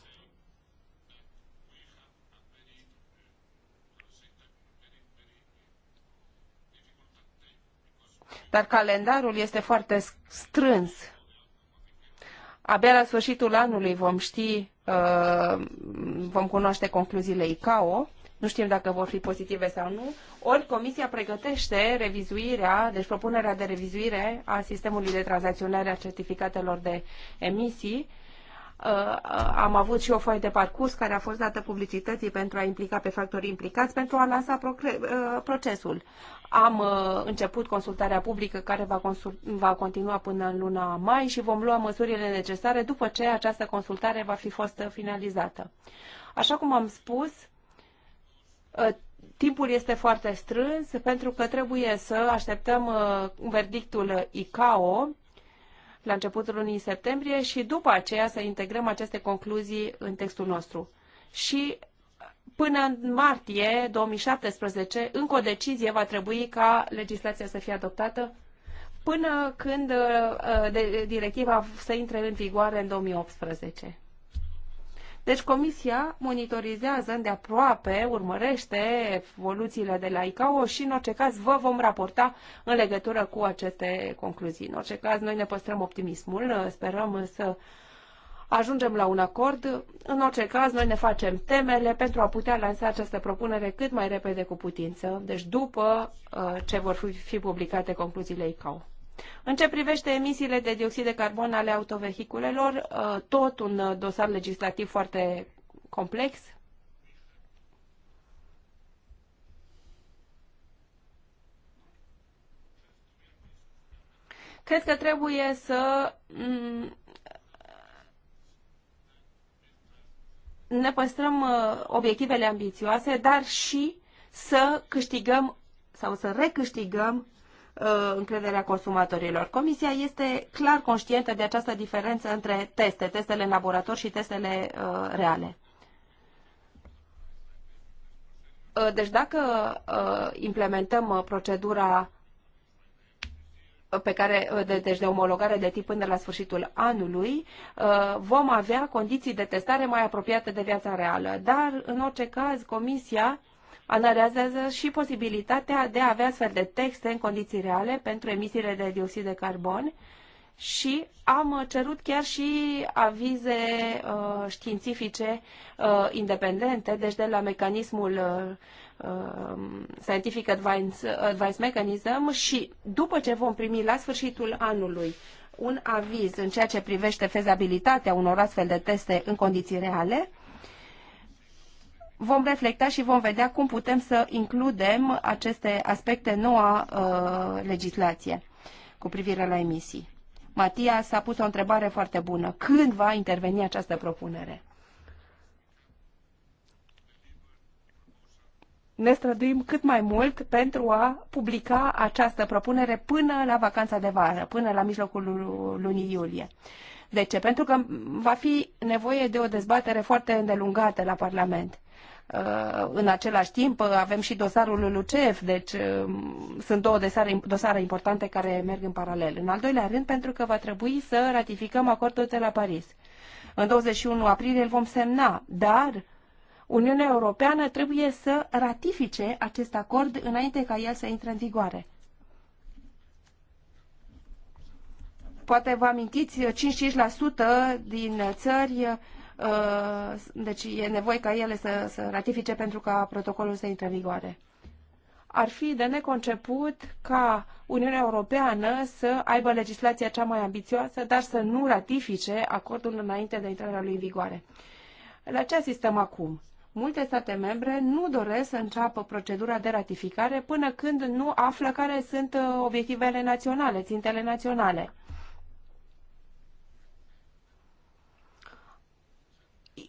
Dar calendarul este foarte strâns. Abia la sfârșitul anului vom ști, uh, vom cunoaște concluziile ICAO nu știm dacă vor fi pozitive sau nu, ori Comisia pregătește revizuirea, deci propunerea de revizuire a sistemului de tranzacționare a certificatelor de emisii. Uh, am avut și o foaie de parcurs care a fost dată publicității pentru a implica pe factorii implicați pentru a lansa uh, procesul. Am uh, început consultarea publică care va, va continua până în luna mai și vom lua măsurile necesare după ce această consultare va fi fost finalizată. Așa cum am spus, Ă, timpul este foarte strâns pentru că trebuie să așteptăm ă, verdictul ICAO la începutul lunii septembrie și după aceea să integrăm aceste concluzii în textul nostru. Și până în martie 2017, încă o decizie va trebui ca legislația să fie adoptată până când ă, directiva să intre în vigoare în 2018. Deci Comisia monitorizează îndeaproape, urmărește evoluțiile de la ICAO și în orice caz vă vom raporta în legătură cu aceste concluzii. În orice caz noi ne păstrăm optimismul, sperăm să ajungem la un acord. În orice caz, noi ne facem temele pentru a putea lansa această propunere cât mai repede cu putință, deci după uh, ce vor fi publicate concluziile ICAO. În ce privește emisiile de dioxid de carbon ale autovehiculelor, uh, tot un uh, dosar legislativ foarte complex, cred că trebuie să mm, ne păstrăm uh, obiectivele ambițioase, dar și să câștigăm sau să recâștigăm Uh, încrederea consumatorilor. Comisia este clar conștientă de această diferență între teste, testele în laborator și testele uh, reale. Uh, deci dacă implementăm procedura pe care, de, deci de omologare de tip până la sfârșitul anului, vom avea condiții de testare mai apropiate de viața reală. Dar, în orice caz, Comisia analizează și posibilitatea de a avea astfel de texte în condiții reale pentru emisiile de dioxid de carbon și am cerut chiar și avize uh, științifice uh, independente, deci de la mecanismul uh, um, Scientific Advice, Advice Mechanism și după ce vom primi la sfârșitul anului un aviz în ceea ce privește fezabilitatea unor astfel de teste în condiții reale, vom reflecta și vom vedea cum putem să includem aceste aspecte în noua uh, legislație cu privire la emisii. Matia s-a pus o întrebare foarte bună. Când va interveni această propunere? Ne străduim cât mai mult pentru a publica această propunere până la vacanța de vară, până la mijlocul lunii iulie. De ce? Pentru că va fi nevoie de o dezbatere foarte îndelungată la Parlament. Uh, în același timp uh, avem și dosarul lui Lucef, deci uh, sunt două dosare, dosare importante care merg în paralel. În al doilea rând, pentru că va trebui să ratificăm acordul de la Paris. În 21 aprilie îl vom semna, dar Uniunea Europeană trebuie să ratifice acest acord înainte ca el să intre în vigoare. Poate vă amintiți, 55% din țări Uh, deci e nevoie ca ele să, să ratifice pentru ca protocolul să intre în vigoare. Ar fi de neconceput ca Uniunea Europeană să aibă legislația cea mai ambițioasă, dar să nu ratifice acordul înainte de intrarea lui în vigoare. La ce asistăm acum? Multe state membre nu doresc să înceapă procedura de ratificare până când nu află care sunt uh, obiectivele naționale, țintele naționale.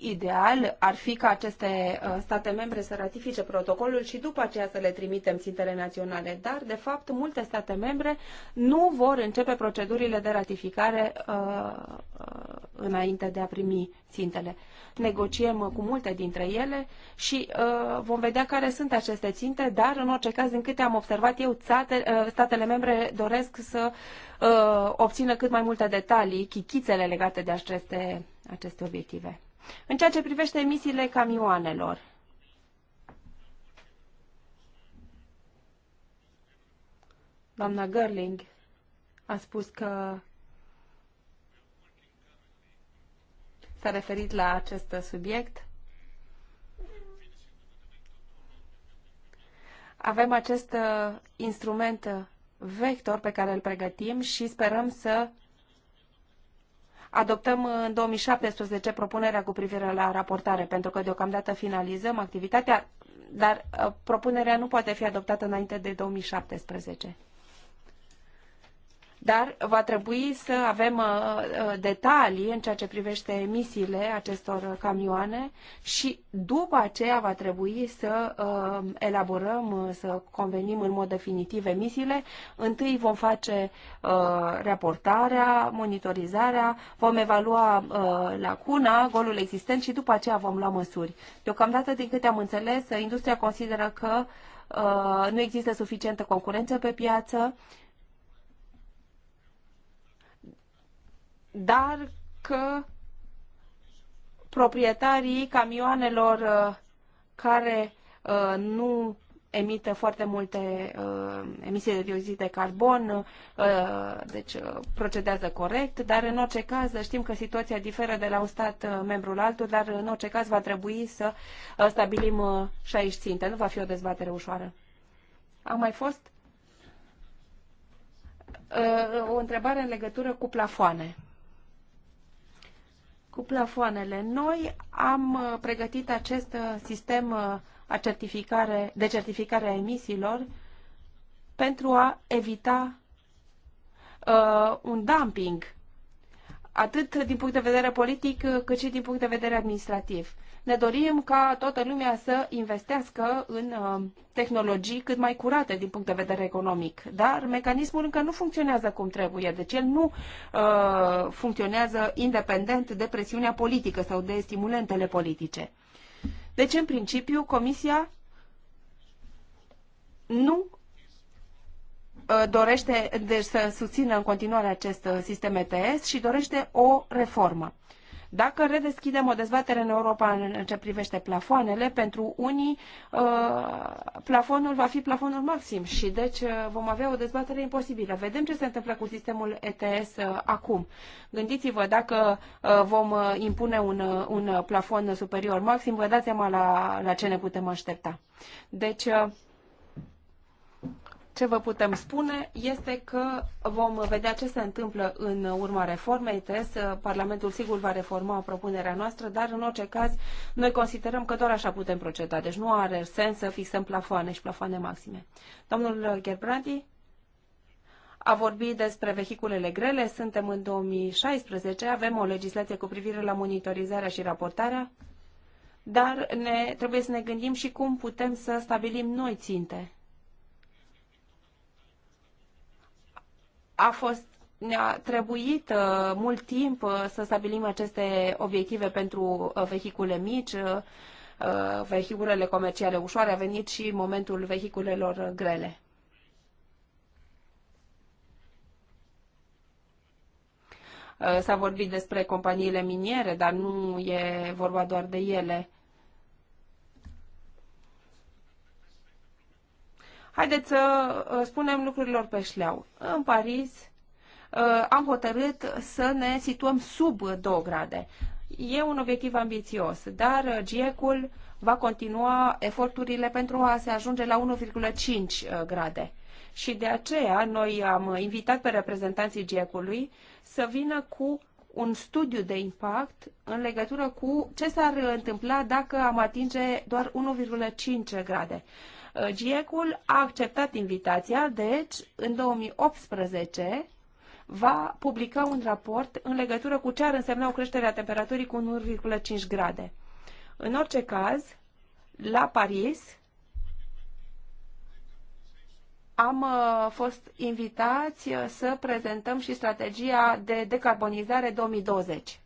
ideal ar fi ca aceste uh, state membre să ratifice protocolul și după aceea să le trimitem țintele naționale, dar de fapt multe state membre nu vor începe procedurile de ratificare uh, uh, înainte de a primi țintele. Negociem cu multe dintre ele și uh, vom vedea care sunt aceste ținte, dar în orice caz, din câte am observat eu, țate, uh, statele membre doresc să uh, obțină cât mai multe detalii, chichițele legate de aceste, aceste obiective. În ceea ce privește emisiile camioanelor, doamna Gerling a spus că s-a referit la acest subiect. Avem acest uh, instrument uh, vector pe care îl pregătim și sperăm să adoptăm în 2017 propunerea cu privire la raportare, pentru că deocamdată finalizăm activitatea, dar uh, propunerea nu poate fi adoptată înainte de 2017 dar va trebui să avem uh, uh, detalii în ceea ce privește emisiile acestor camioane și după aceea va trebui să uh, elaborăm, să convenim în mod definitiv emisiile. Întâi vom face raportarea, monitorizarea, vom evalua lacuna, golul existent și după aceea vom lua măsuri. Deocamdată, din câte am înțeles, industria consideră că nu există suficientă concurență pe piață dar că proprietarii camioanelor uh, care uh, nu emită foarte multe uh, emisii de dioxid de carbon, uh, deci uh, procedează corect, dar în orice caz știm că situația diferă de la un stat uh, membru la altul, dar în orice caz va trebui să uh, stabilim uh, 60 ținte. Nu va fi o dezbatere ușoară. Am mai fost uh, o întrebare în legătură cu plafoane cu plafoanele. Noi am uh, pregătit acest uh, sistem uh, a certificare, de certificare a emisiilor pentru a evita uh, un dumping, atât din punct de vedere politic, cât și din punct de vedere administrativ. Ne dorim ca toată lumea să investească în uh, tehnologii cât mai curate din punct de vedere economic, dar mecanismul încă nu funcționează cum trebuie, deci el nu uh, funcționează independent de presiunea politică sau de stimulentele politice. Deci, în principiu, Comisia nu uh, dorește deci, să susțină în continuare acest uh, sistem ETS și dorește o reformă. Dacă redeschidem o dezbatere în Europa în ce privește plafoanele, pentru unii uh, plafonul va fi plafonul maxim și deci uh, vom avea o dezbatere imposibilă. Vedem ce se întâmplă cu sistemul ETS uh, acum. Gândiți-vă dacă vom impune un, un plafon superior maxim, vă dați seama la, la ce ne putem aștepta. Deci, ce vă putem spune este că vom vedea ce se întâmplă în urma reformei TES. Parlamentul sigur va reforma propunerea noastră, dar în orice caz noi considerăm că doar așa putem proceda. Deci nu are sens să fixăm plafoane și plafoane maxime. Domnul Gerbrandi a vorbit despre vehiculele grele. Suntem în 2016, avem o legislație cu privire la monitorizarea și raportarea, dar ne, trebuie să ne gândim și cum putem să stabilim noi ținte a fost ne-a trebuit uh, mult timp uh, să stabilim aceste obiective pentru uh, vehicule mici, uh, uh vehiculele comerciale ușoare, a venit și momentul vehiculelor grele. Uh, s-a vorbit despre companiile miniere, dar nu e vorba doar de ele. Haideți să uh, spunem lucrurilor pe șleau. În Paris uh, am hotărât să ne situăm sub 2 grade. E un obiectiv ambițios, dar uh, GIEC-ul va continua eforturile pentru a se ajunge la 1,5 grade. Și de aceea noi am invitat pe reprezentanții GIEC-ului să vină cu un studiu de impact în legătură cu ce s-ar întâmpla dacă am atinge doar 1,5 grade. Uh, GIEC-ul a acceptat invitația, deci în 2018 va publica un raport în legătură cu ce ar însemna o creștere a temperaturii cu 1,5 grade. În orice caz, la Paris am uh, fost invitați uh, să prezentăm și strategia de decarbonizare 2020.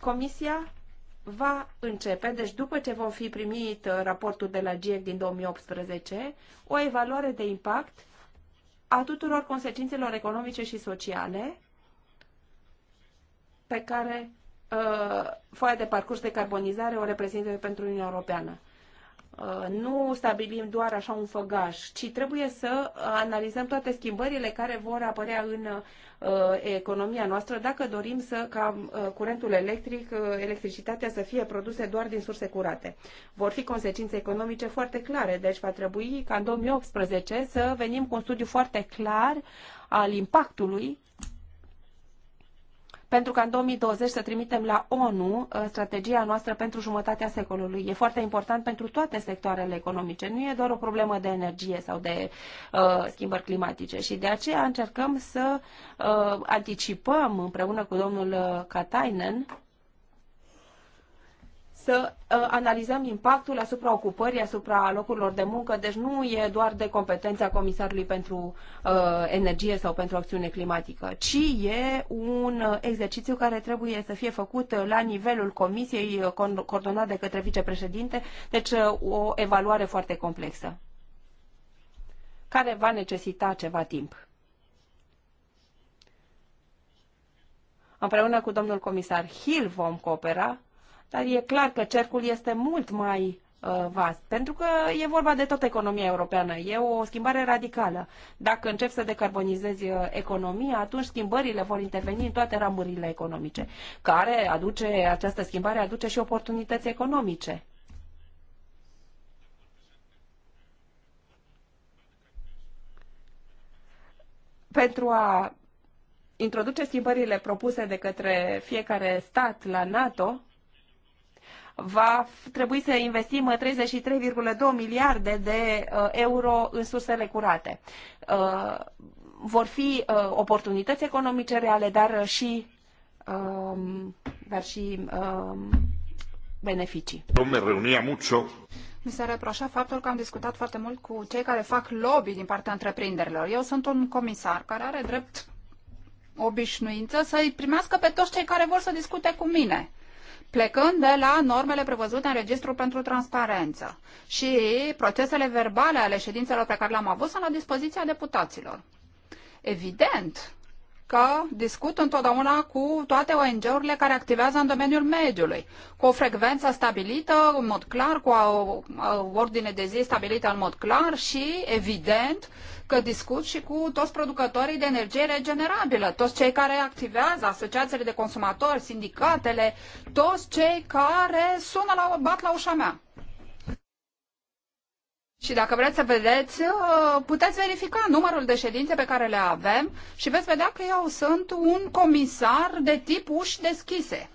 Comisia va începe, deci după ce vom fi primit uh, raportul de la GIEC din 2018, o evaluare de impact a tuturor consecințelor economice și sociale pe care uh, foaia de parcurs de carbonizare o reprezintă pentru Uniunea Europeană. Uh, nu stabilim doar așa un făgaș, ci trebuie să analizăm toate schimbările care vor apărea în uh, economia noastră dacă dorim să ca uh, curentul electric, electricitatea să fie produse doar din surse curate. Vor fi consecințe economice foarte clare, deci va trebui ca în 2018 să venim cu un studiu foarte clar al impactului pentru ca în 2020 să trimitem la ONU uh, strategia noastră pentru jumătatea secolului. E foarte important pentru toate sectoarele economice. Nu e doar o problemă de energie sau de uh, schimbări climatice. Și de aceea încercăm să uh, anticipăm împreună cu domnul uh, Katainen să uh, analizăm impactul asupra ocupării, asupra locurilor de muncă, deci nu e doar de competența Comisarului pentru uh, Energie sau pentru Acțiune Climatică, ci e un exercițiu care trebuie să fie făcut uh, la nivelul Comisiei, uh, coordonat de către vicepreședinte, deci o evaluare foarte complexă, care va necesita ceva timp. Împreună cu domnul comisar Hill vom coopera dar e clar că cercul este mult mai uh, vast, pentru că e vorba de tot economia europeană. E o schimbare radicală. Dacă începi să decarbonizezi uh, economia, atunci schimbările vor interveni în toate ramurile economice, care aduce, această schimbare aduce și oportunități economice. Pentru a introduce schimbările propuse de către fiecare stat la NATO, va trebui să investim 33,2 uh, miliarde de uh, euro în sursele curate. Uh, vor fi oportunități economice reale, dar și, um, dar și um, beneficii. Domne, me reunia mucho. Mi se reproșa faptul că am discutat foarte mult cu cei care fac lobby din partea întreprinderilor. Eu sunt un comisar care are drept obișnuință să-i primească pe toți cei care vor să discute cu mine plecând de la normele prevăzute în Registrul pentru Transparență. Și procesele verbale ale ședințelor pe care le-am avut sunt la dispoziția deputaților. Evident că discut întotdeauna cu toate ONG-urile care activează în domeniul mediului, cu o frecvență stabilită în mod clar, cu o ordine de zi stabilită în mod clar și, evident, că discut și cu toți producătorii de energie regenerabilă, toți cei care activează, asociațiile de consumatori, sindicatele, toți cei care sună la bat la ușa mea. Și dacă vreți să vedeți, uh, puteți verifica numărul de ședințe pe care le avem și veți vedea că eu sunt un comisar de tip uși deschise.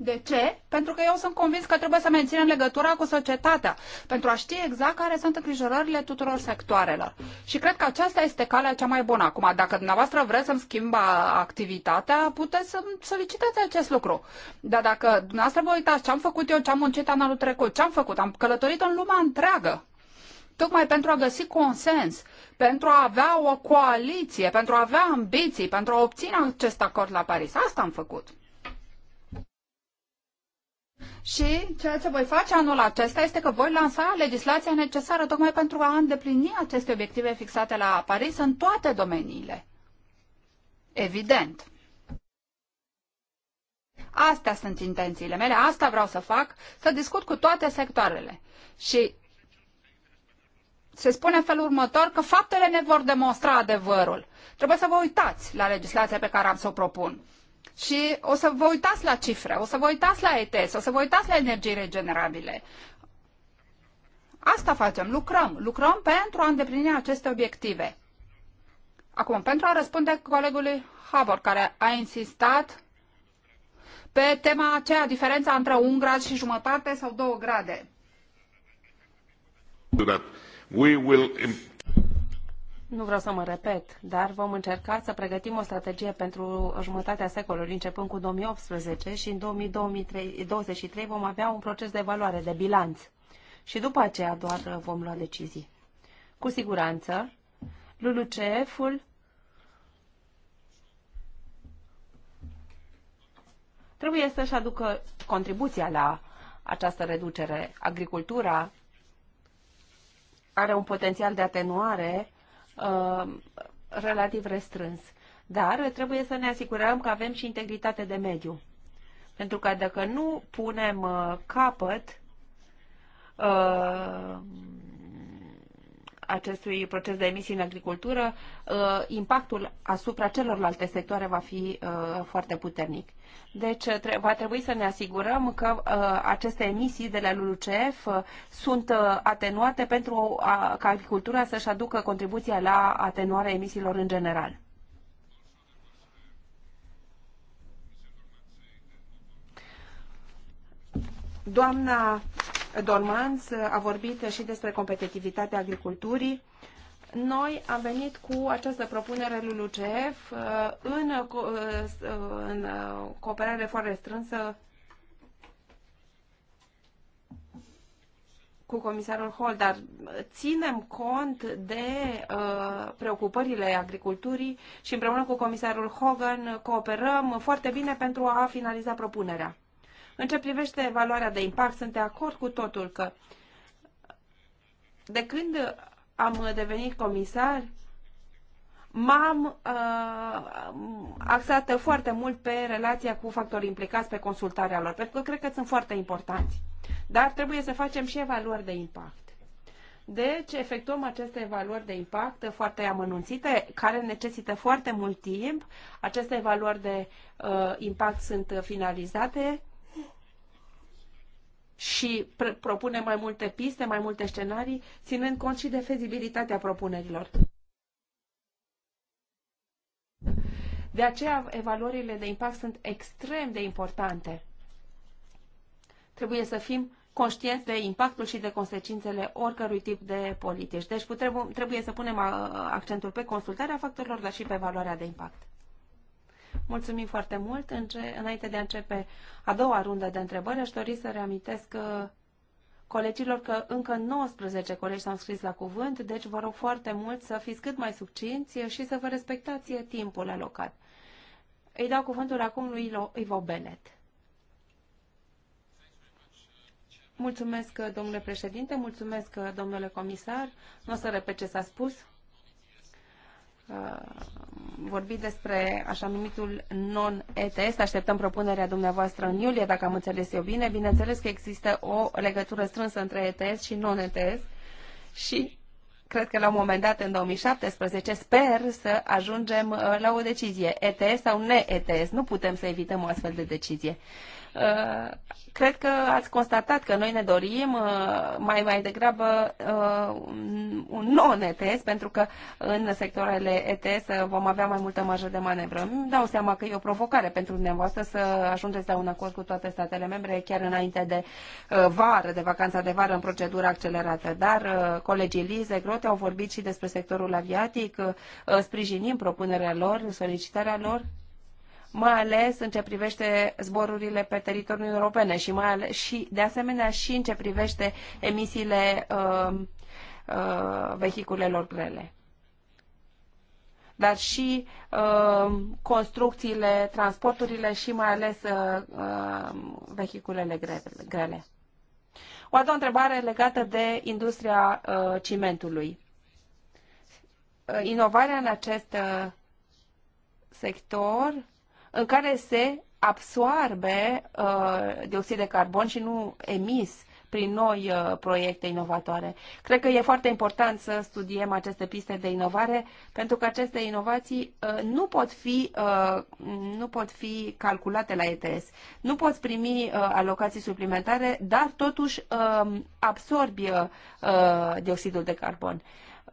De ce? Pentru că eu sunt convins că trebuie să menținem legătura cu societatea, pentru a ști exact care sunt îngrijorările tuturor sectoarelor. Și cred că aceasta este calea cea mai bună. Acum, dacă dumneavoastră vreți să-mi schimba activitatea, puteți să solicitați acest lucru. Dar dacă dumneavoastră vă uitați ce am făcut eu, ce am muncit anul trecut, ce am făcut, am călătorit în lumea întreagă, tocmai pentru a găsi consens, pentru a avea o coaliție, pentru a avea ambiții, pentru a obține acest acord la Paris. Asta am făcut. Și ceea ce voi face anul acesta este că voi lansa legislația necesară tocmai pentru a îndeplini aceste obiective fixate la Paris în toate domeniile. Evident. Astea sunt intențiile mele, asta vreau să fac, să discut cu toate sectoarele. Și se spune în felul următor că faptele ne vor demonstra adevărul. Trebuie să vă uitați la legislația pe care am să o propun și o să vă uitați la cifre, o să vă uitați la ETS, o să vă uitați la energii regenerabile. Asta facem, lucrăm, lucrăm pentru a îndeplini aceste obiective. Acum, pentru a răspunde colegului Habor, care a insistat pe tema aceea, diferența între un grad și jumătate sau două grade. We will nu vreau să mă repet, dar vom încerca să pregătim o strategie pentru jumătatea secolului, începând cu 2018 și în 2023 vom avea un proces de evaluare, de bilanț. Și după aceea doar vom lua decizii. Cu siguranță, LULUCF-ul trebuie să-și aducă contribuția la această reducere. Agricultura are un potențial de atenuare Uh, relativ restrâns. Dar trebuie să ne asigurăm că avem și integritate de mediu. Pentru că dacă nu punem uh, capăt uh, acestui proces de emisii în agricultură, uh, impactul asupra celorlalte sectoare va fi uh, foarte puternic. Deci uh, va trebui să ne asigurăm că aceste emisii de la LULUCF sunt atenuate pentru ca agricultura să-și aducă contribuția la atenuarea emisiilor în general. Doamna Dormans a vorbit și despre competitivitatea agriculturii. Noi am venit cu această propunere lui UCF uh, în, uh, uh, în cooperare foarte strânsă cu comisarul Hall, dar ținem cont de uh, preocupările agriculturii și împreună cu comisarul Hogan cooperăm foarte bine pentru a finaliza propunerea. În ce privește evaluarea de impact, sunt de acord cu totul că de când am devenit comisar, m-am uh, axat foarte mult pe relația cu factorii implicați, pe consultarea lor, pentru că cred că sunt foarte importanți. Dar trebuie să facem și evaluări de impact. Deci, efectuăm aceste evaluări de impact foarte amănunțite, care necesită foarte mult timp. Aceste evaluări de uh, impact sunt finalizate și propune mai multe piste, mai multe scenarii, ținând cont și de fezibilitatea propunerilor. De aceea, evaluările de impact sunt extrem de importante. Trebuie să fim conștienți de impactul și de consecințele oricărui tip de politici. Deci trebuie să punem accentul pe consultarea factorilor, dar și pe valoarea de impact. Mulțumim foarte mult. Înainte de a începe a doua rundă de întrebări, aș dori să reamintesc uh, colegilor că încă 19 colegi s-au scris la cuvânt, deci vă rog foarte mult să fiți cât mai succinți și să vă respectați timpul alocat. Îi dau cuvântul acum lui Ivo Benet. Mulțumesc, domnule președinte, mulțumesc, domnule comisar. Nu o să repet ce s-a spus. Uh, vorbit despre așa numitul non-ETS. Așteptăm propunerea dumneavoastră în iulie, dacă am înțeles eu bine. Bineînțeles că există o legătură strânsă între ETS și non-ETS și cred că la un moment dat, în 2017, sper să ajungem uh, la o decizie, ETS sau ne-ETS. Nu putem să evităm o astfel de decizie. Uh, cred că ați constatat că noi ne dorim uh, mai mai degrabă uh, un non-ETS, pentru că în sectoarele ETS vom avea mai multă marjă de manevră. Îmi dau seama că e o provocare pentru dumneavoastră să ajungeți la un acord cu toate statele membre chiar înainte de vară, de vacanța de vară, în procedura accelerată. Dar colegii Lize Grote au vorbit și despre sectorul aviatic. Sprijinim propunerea lor, solicitarea lor mai ales în ce privește zborurile pe teritoriul europene și, mai ales, și de asemenea și în ce privește emisiile uh, uh, vehiculelor grele dar și uh, construcțiile, transporturile și mai ales uh, um, vehiculele grele. O a doua întrebare legată de industria uh, cimentului. Uh, inovarea în acest uh, sector în care se absoarbe uh, dioxid de carbon și nu emis prin noi uh, proiecte inovatoare. Cred că e foarte important să studiem aceste piste de inovare, pentru că aceste inovații uh, nu, pot fi, uh, nu pot fi calculate la ETS. Nu poți primi uh, alocații suplimentare, dar totuși um, absorbi uh, uh, dioxidul de carbon.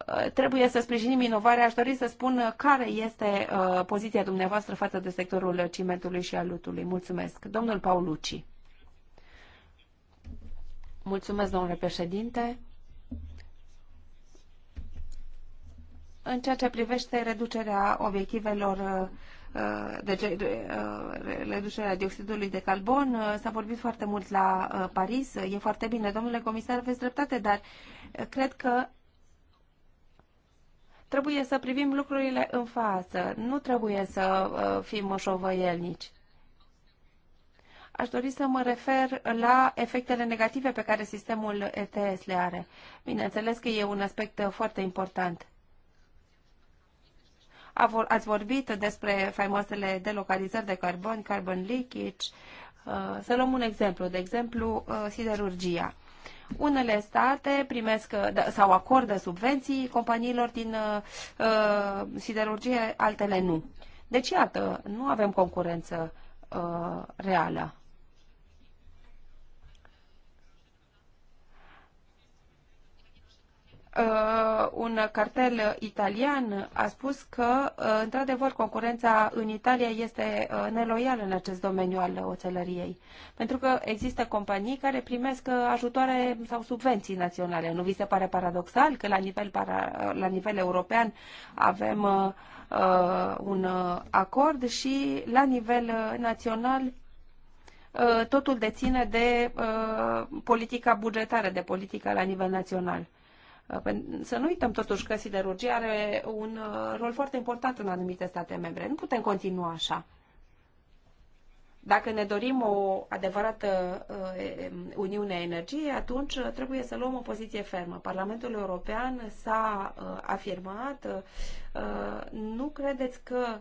Uh, trebuie să sprijinim inovarea. Aș dori să spun uh, care este uh, poziția dumneavoastră față de sectorul cimentului și al lutului. Mulțumesc. Domnul Paulucci. Mulțumesc, domnule președinte. În ceea ce privește reducerea obiectivelor de de, reducerea dioxidului de carbon. S-a vorbit foarte mult la Paris. E foarte bine, domnule comisar, aveți dreptate, dar cred că Trebuie să privim lucrurile în față, nu trebuie să uh, fim șovăielnici. Aș dori să mă refer la efectele negative pe care sistemul ETS le are. Bineînțeles că e un aspect uh, foarte important. Ați vorbit despre faimoasele delocalizări de carbon, carbon leakage. Uh, să luăm un exemplu, de exemplu, siderurgia. Unele state primesc uh, da, sau acordă subvenții companiilor din uh, uh, siderurgie, altele nu. Deci, iată, nu avem concurență uh, reală. uh, un cartel italian a spus că, uh, într-adevăr, concurența în Italia este uh, neloială în acest domeniu al oțelăriei. Pentru că există companii care primesc uh, ajutoare sau subvenții naționale. Nu vi se pare paradoxal că la nivel, para, la nivel european avem uh, uh, un uh, acord și la nivel uh, național uh, totul deține de uh, politica bugetară, de politica la nivel național. Uh, să nu uităm totuși că siderurgia are un uh, rol foarte important în anumite state membre. Nu putem continua așa. Dacă ne dorim o adevărată uh, Uniune a Energiei, atunci trebuie să luăm o poziție fermă. Parlamentul European s-a afirmat. Nu credeți că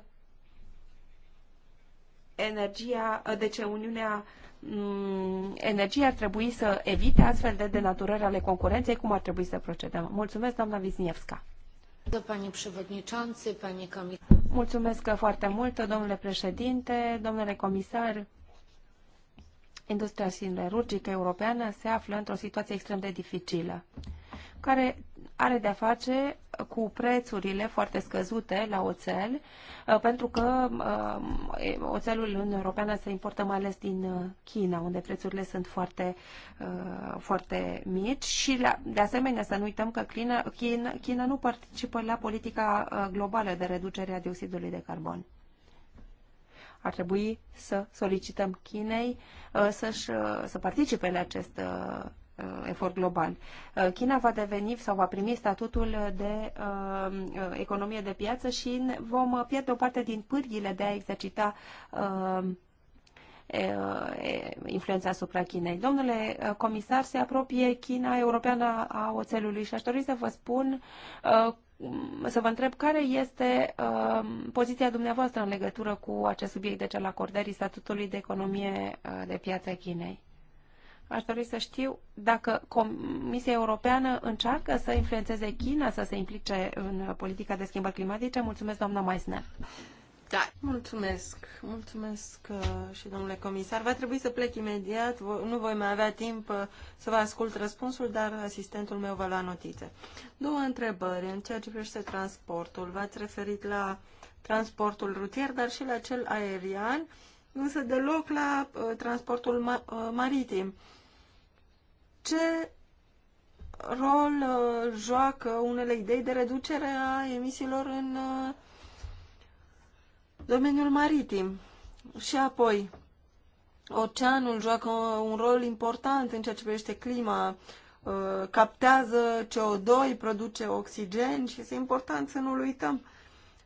energia, deci Uniunea Mm, energie ar trebui să evite astfel de denaturări ale concurenței, cum ar trebui să procedăm. Mulțumesc, doamna Wisniewska. Mulțumesc foarte mult, domnule președinte, domnule comisar. Industria siderurgică europeană se află într-o situație extrem de dificilă care are de-a face cu prețurile foarte scăzute la oțel, uh, pentru că uh, oțelul în europeană se importă mai ales din uh, China, unde prețurile sunt foarte, foarte mici și de asemenea să nu uităm că China, China, China nu participă la politica globală de reducere a dioxidului de carbon ar trebui să solicităm Chinei să, să participe la acest Uh, efort global. Uh, China va deveni sau va primi statutul de uh, economie de piață și vom pierde o parte din pârghile de a exercita influența asupra Chinei. Domnule comisar, se apropie China europeană a oțelului și aș dori să vă spun să vă întreb care este uh, poziția dumneavoastră în legătură cu acest subiect de deci cel acordării statutului de economie uh, de piață a Chinei. Aș dori să știu dacă Comisia Europeană încearcă să influențeze China să se implice în politica de schimbări climatice. Mulțumesc, doamna Meissner. Da, mulțumesc. Mulțumesc uh, și domnule comisar. Va trebui să plec imediat. Nu voi mai avea timp uh, să vă ascult răspunsul, dar asistentul meu va lua notițe. Două întrebări în ceea ce privește transportul. V-ați referit la transportul rutier, dar și la cel aerian însă deloc la uh, transportul ma uh, maritim. Ce rol uh, joacă unele idei de reducere a emisiilor în domeniul maritim? Și apoi, oceanul joacă un rol important în ceea ce privește clima, captează CO2, produce oxigen și este important să nu-l uităm.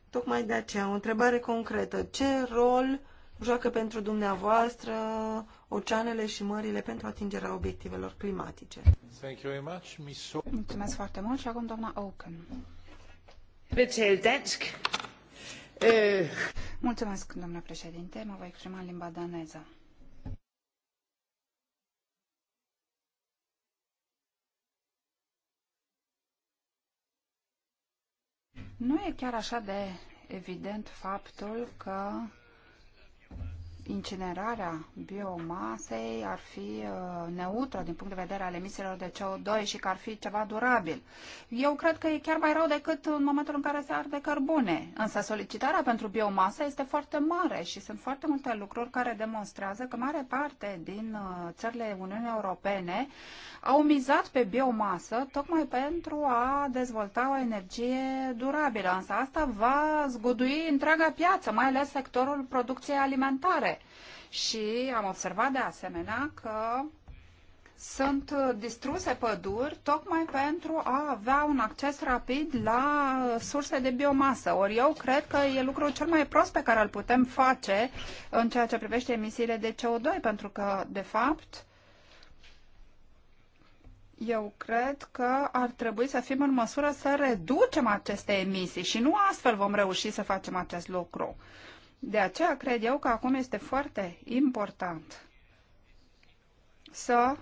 Tocmai de aceea, o întrebare concretă. Ce rol joacă pentru dumneavoastră oceanele și mările pentru atingerea obiectivelor climatice. Thank you very much. so- Mulțumesc foarte mult și acum doamna Oaken. Eh. Mulțumesc, domnule președinte. Mă voi exprima în limba daneză. Nu e chiar așa de evident faptul că incinerarea biomasei ar fi uh, neutră din punct de vedere al emisiilor de CO2 și că ar fi ceva durabil. Eu cred că e chiar mai rău decât în momentul în care se arde cărbune. Însă solicitarea pentru biomasă este foarte mare și sunt foarte multe lucruri care demonstrează că mare parte din uh, țările Uniunii Europene au mizat pe biomasă tocmai pentru a dezvolta o energie durabilă. Însă asta va zgudui întreaga piață, mai ales sectorul producției alimentare și am observat de asemenea că sunt distruse păduri tocmai pentru a avea un acces rapid la surse de biomasă. Ori eu cred că e lucrul cel mai prost pe care îl putem face în ceea ce privește emisiile de CO2, pentru că, de fapt, eu cred că ar trebui să fim în măsură să reducem aceste emisii și nu astfel vom reuși să facem acest lucru. De aceea cred eu că acum este foarte important să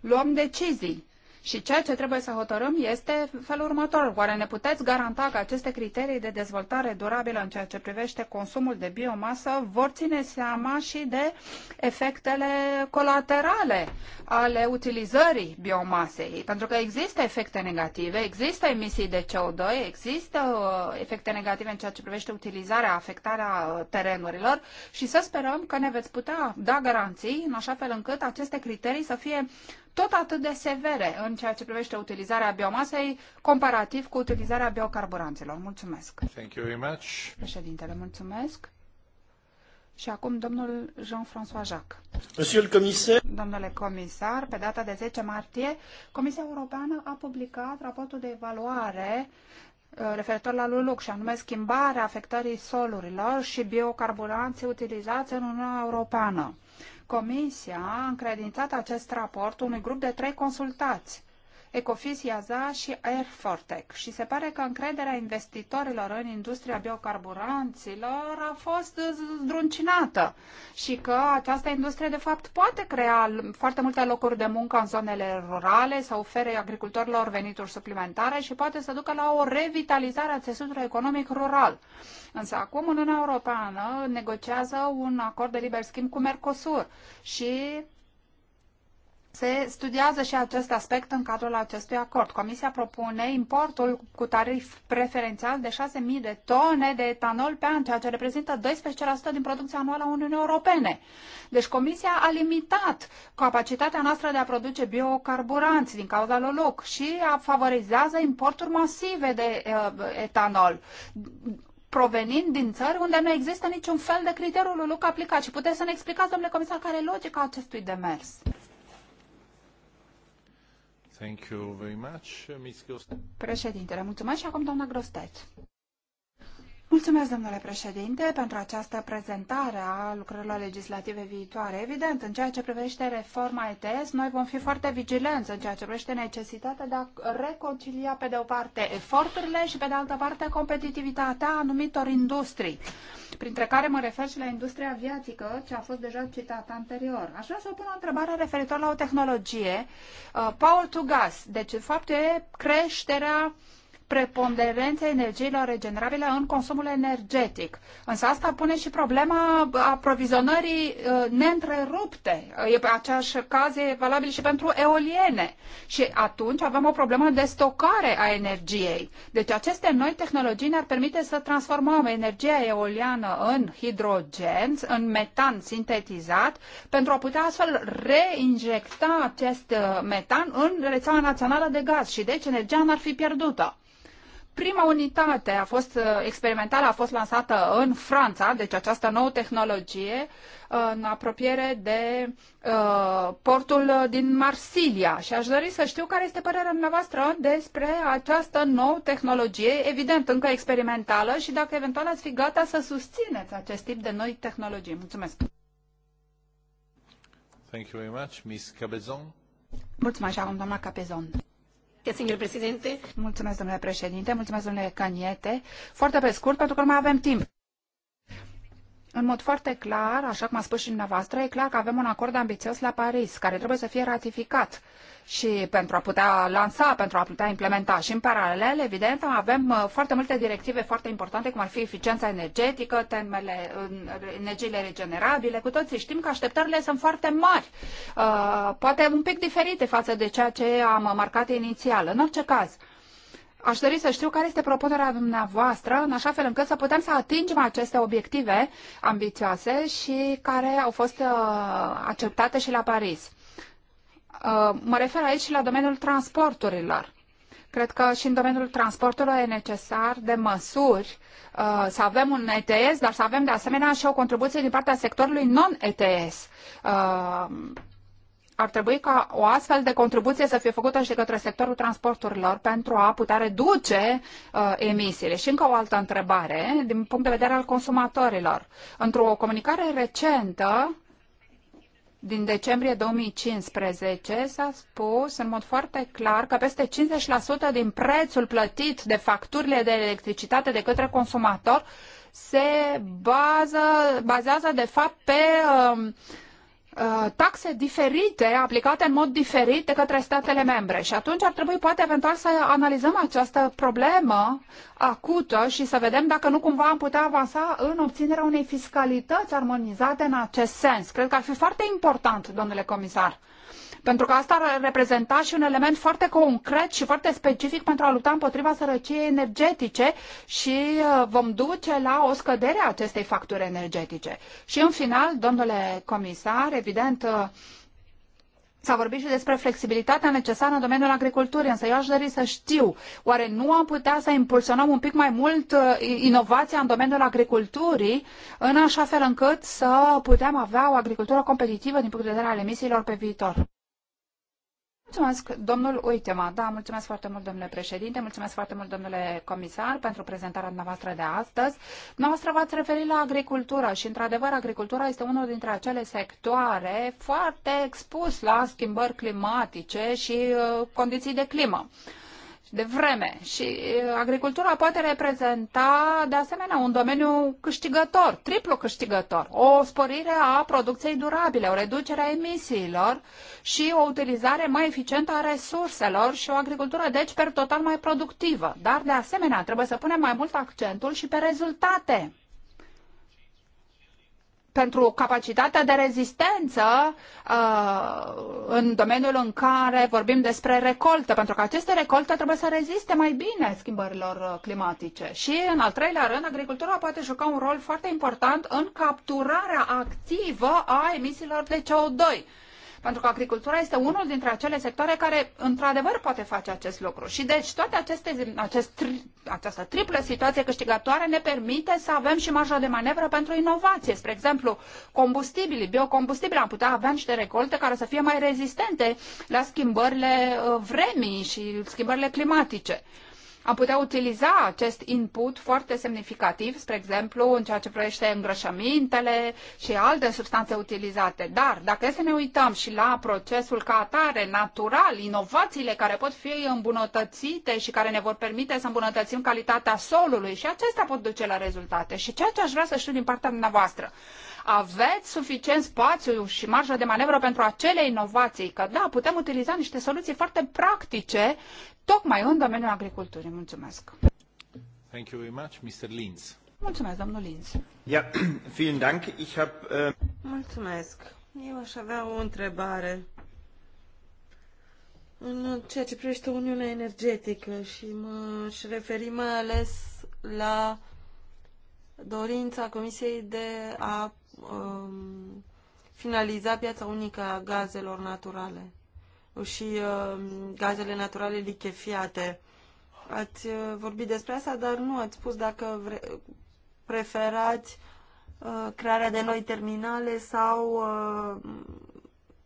luăm decizii și ceea ce trebuie să hotărâm este felul următor. Oare ne puteți garanta că aceste criterii de dezvoltare durabilă în ceea ce privește consumul de biomasă vor ține seama și de efectele colaterale ale utilizării biomasei? Pentru că există efecte negative, există emisii de CO2, există uh, efecte negative în ceea ce privește utilizarea, afectarea uh, terenurilor și să sperăm că ne veți putea da garanții în așa fel încât aceste criterii să fie tot atât de severe în ceea ce privește utilizarea biomasei comparativ cu utilizarea biocarburanților. Mulțumesc. Thank you very much. Președintele, mulțumesc. Și acum domnul Jean-François Jacques. Monsieur le commissaire. Domnule comisar, pe data de 10 martie, Comisia Europeană a publicat raportul de evaluare uh, referitor la LULUC și anume schimbarea afectării solurilor și biocarburanții utilizați în Uniunea Europeană. Comisia a încredințat acest raport unui grup de trei consultați Ecofis, IAZA și Airfortec și se pare că încrederea investitorilor în industria biocarburanților a fost zdruncinată și că această industrie de fapt poate crea foarte multe locuri de muncă în zonele rurale, să ofere agricultorilor venituri suplimentare și poate să ducă la o revitalizare a țesutului economic rural. Însă acum Uniunea Europeană negociază un acord de liber schimb cu Mercosur și se studiază și acest aspect în cadrul acestui acord. Comisia propune importul cu tarif preferențial de 6.000 de tone de etanol pe an, ceea ce reprezintă 12% din producția anuală a Uniunii Europene. Deci Comisia a limitat capacitatea noastră de a produce biocarburanți din cauza lor loc și a favorizează importuri masive de uh, etanol provenind din țări unde nu există niciun fel de criteriul lui Luc aplicat. Și puteți să ne explicați, domnule comisar, care e logica acestui demers? Thank you very much, Ms. Președintele, mulțumesc și acum doamna Grostet. Mulțumesc, domnule președinte, pentru această prezentare a lucrărilor legislative viitoare. Evident, în ceea ce privește reforma ETS, noi vom fi foarte vigilenți în ceea ce privește necesitatea de a reconcilia, pe de o parte, eforturile și, pe de altă parte, competitivitatea anumitor industrii, printre care mă refer și la industria aviatică, ce a fost deja citată anterior. Aș vrea să pun o întrebare referitor la o tehnologie, uh, power to gas, deci, de fapt, e creșterea uh, preponderenței energiilor regenerabile în consumul energetic. Însă asta pune și problema aprovizionării uh, neîntrerupte. E pe aceeași caz e valabil și pentru eoliene. Și atunci avem o problemă de stocare a energiei. Deci aceste noi tehnologii ne-ar permite să transformăm energia eoliană în hidrogen, în metan sintetizat, pentru a putea astfel reinjecta acest uh, metan în rețeaua națională de gaz și deci energia n-ar fi pierdută. Prima unitate a fost uh, experimentală, a fost lansată în Franța, deci această nouă tehnologie, uh, în apropiere de uh, portul din Marsilia. Și aș dori să știu care este părerea dumneavoastră despre această nouă tehnologie, evident încă experimentală, și dacă eventual ați fi gata să susțineți acest tip de noi tehnologii. Mulțumesc! Thank you very much, Miss Cabezon. Mulțumesc, doamna Capezon. Mulțumesc, domnule președinte, mulțumesc, domnule Caniete. Foarte pe scurt, pentru că nu mai avem timp. În mod foarte clar, așa cum a spus și dumneavoastră, e clar că avem un acord ambițios la Paris, care trebuie să fie ratificat și pentru a putea lansa, pentru a putea implementa. Și în paralel, evident, avem uh, foarte multe directive foarte importante, cum ar fi eficiența energetică, temele, energiile regenerabile. Cu toții știm că așteptările sunt foarte mari, uh, poate un pic diferite față de ceea ce am marcat inițial. În orice caz, Aș dori să știu care este propunerea dumneavoastră, în așa fel încât să putem să atingem aceste obiective ambițioase și care au fost uh, acceptate și la Paris. Uh, mă refer aici la domeniul transporturilor. Cred că și în domeniul transporturilor e necesar de măsuri uh, să avem un ETS, dar să avem de asemenea și o contribuție din partea sectorului non-ETS uh, ar trebui ca o astfel de contribuție să fie făcută și de către sectorul transporturilor pentru a putea reduce uh, emisiile. Și încă o altă întrebare, din punct de vedere al consumatorilor. Într-o comunicare recentă, din decembrie 2015 s-a spus în mod foarte clar că peste 50% din prețul plătit de facturile de electricitate de către consumator se bază, bazează de fapt pe uh, Uh, taxe diferite, aplicate în mod diferit de către statele membre. Și atunci ar trebui poate eventual să analizăm această problemă acută și să vedem dacă nu cumva am putea avansa în obținerea unei fiscalități armonizate în acest sens. Cred că ar fi foarte important, domnule comisar pentru că asta ar reprezenta și un element foarte concret și foarte specific pentru a lupta împotriva sărăciei energetice și uh, vom duce la o scădere a acestei facturi energetice. Și în final, domnule comisar, evident, uh, S-a vorbit și despre flexibilitatea necesară în domeniul agriculturii, însă eu aș dori să știu, oare nu am putea să impulsionăm un pic mai mult uh, inovația în domeniul agriculturii, în așa fel încât să putem avea o agricultură competitivă din punct de vedere al emisiilor pe viitor? Mulțumesc, domnul Uitema. Da, mulțumesc foarte mult, domnule președinte, mulțumesc foarte mult, domnule comisar, pentru prezentarea dumneavoastră de astăzi. Noastră v-ați referit la agricultură și, într-adevăr, agricultura este unul dintre acele sectoare foarte expus la schimbări climatice și uh, condiții de climă. Uh, de vreme și agricultura poate reprezenta de asemenea un domeniu câștigător, triplu câștigător, o sporire a producției durabile, o reducere a emisiilor și o utilizare mai eficientă a resurselor și o agricultură deci per total mai productivă. Dar de asemenea trebuie să punem mai mult accentul și pe rezultate pentru capacitatea de rezistență uh, în domeniul în care vorbim despre recoltă, pentru că aceste recolte trebuie să reziste mai bine schimbărilor uh, climatice. Și, în al treilea rând, agricultura poate juca un rol foarte important în capturarea activă a emisiilor de CO2 pentru că agricultura este unul dintre acele sectoare care, într-adevăr, poate face acest lucru. Și deci toate aceste, acest, această triplă situație câștigătoare ne permite să avem și marja de manevră pentru inovație. Spre exemplu, combustibili, biocombustibili, am putea avea niște recolte care să fie mai rezistente la schimbările uh, vremii și schimbările climatice am putea utiliza acest input foarte semnificativ, spre exemplu, în ceea ce privește îngrășămintele și alte substanțe utilizate. Dar dacă să ne uităm și la procesul ca atare, natural, inovațiile care pot fi îmbunătățite și care ne vor permite să îmbunătățim calitatea solului și acestea pot duce la rezultate. Și ceea ce aș vrea să știu din partea dumneavoastră, aveți suficient spațiu și marjă de manevră pentru acele inovații, că da, putem utiliza niște soluții foarte practice tocmai în domeniul agriculturii. Mulțumesc! Thank you very much, Mr. Linz. Mulțumesc, domnul Linz. Yeah, vielen Dank. Ich hab, uh... Mulțumesc. Eu aș avea o întrebare. În ceea ce privește Uniunea Energetică și mă aș referi mai ales la dorința Comisiei de a um, finaliza piața unică a gazelor naturale și um, gazele naturale lichefiate. Ați uh, vorbit despre asta, dar nu ați spus dacă vre- preferați uh, crearea de noi terminale sau uh,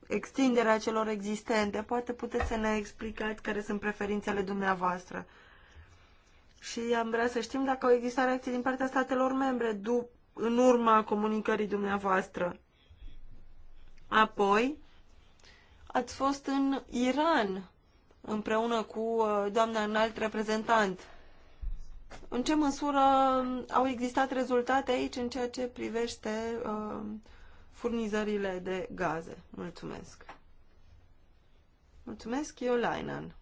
extinderea celor existente. Poate puteți să ne explicați care sunt preferințele dumneavoastră. Și am vrea să știm dacă au existat reacții din partea statelor membre după în urma comunicării dumneavoastră. Apoi, ați fost în Iran împreună cu uh, doamna înalt reprezentant. În ce măsură au existat rezultate aici în ceea ce privește uh, furnizările de gaze? Mulțumesc! Mulțumesc, Iolainan!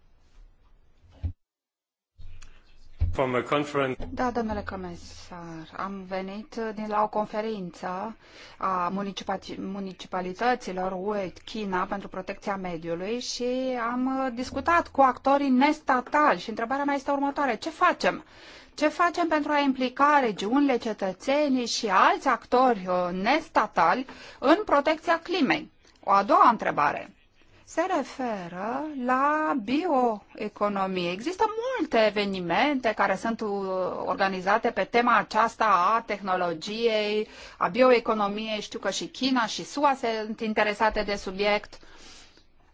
Da, domnule comisar, am venit din la o conferință a municipalităților UE China pentru protecția mediului și am discutat cu actorii nestatali și întrebarea mea este următoare. Ce facem? Ce facem pentru a implica regiunile, cetățenii și alți actori uh, nestatali în protecția climei? O a doua întrebare se referă la bioeconomie. Există multe evenimente care sunt uh, organizate pe tema aceasta a tehnologiei, a bioeconomiei. Știu că și China și SUA sunt interesate de subiect.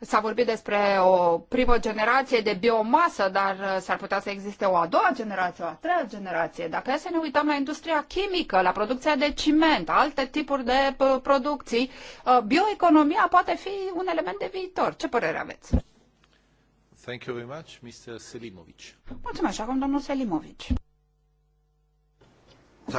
S-a vorbit despre o primă generație de biomasă, dar uh, s-ar putea să existe o a doua generație, o a treia generație. Dacă e să ne uităm la industria chimică, la producția de ciment, alte tipuri de uh, producții, uh, bioeconomia poate fi un element de viitor. Ce părere aveți? Thank you very much, Mr. Selimovic. Mulțumesc, acum domnul Selimovic. Eh,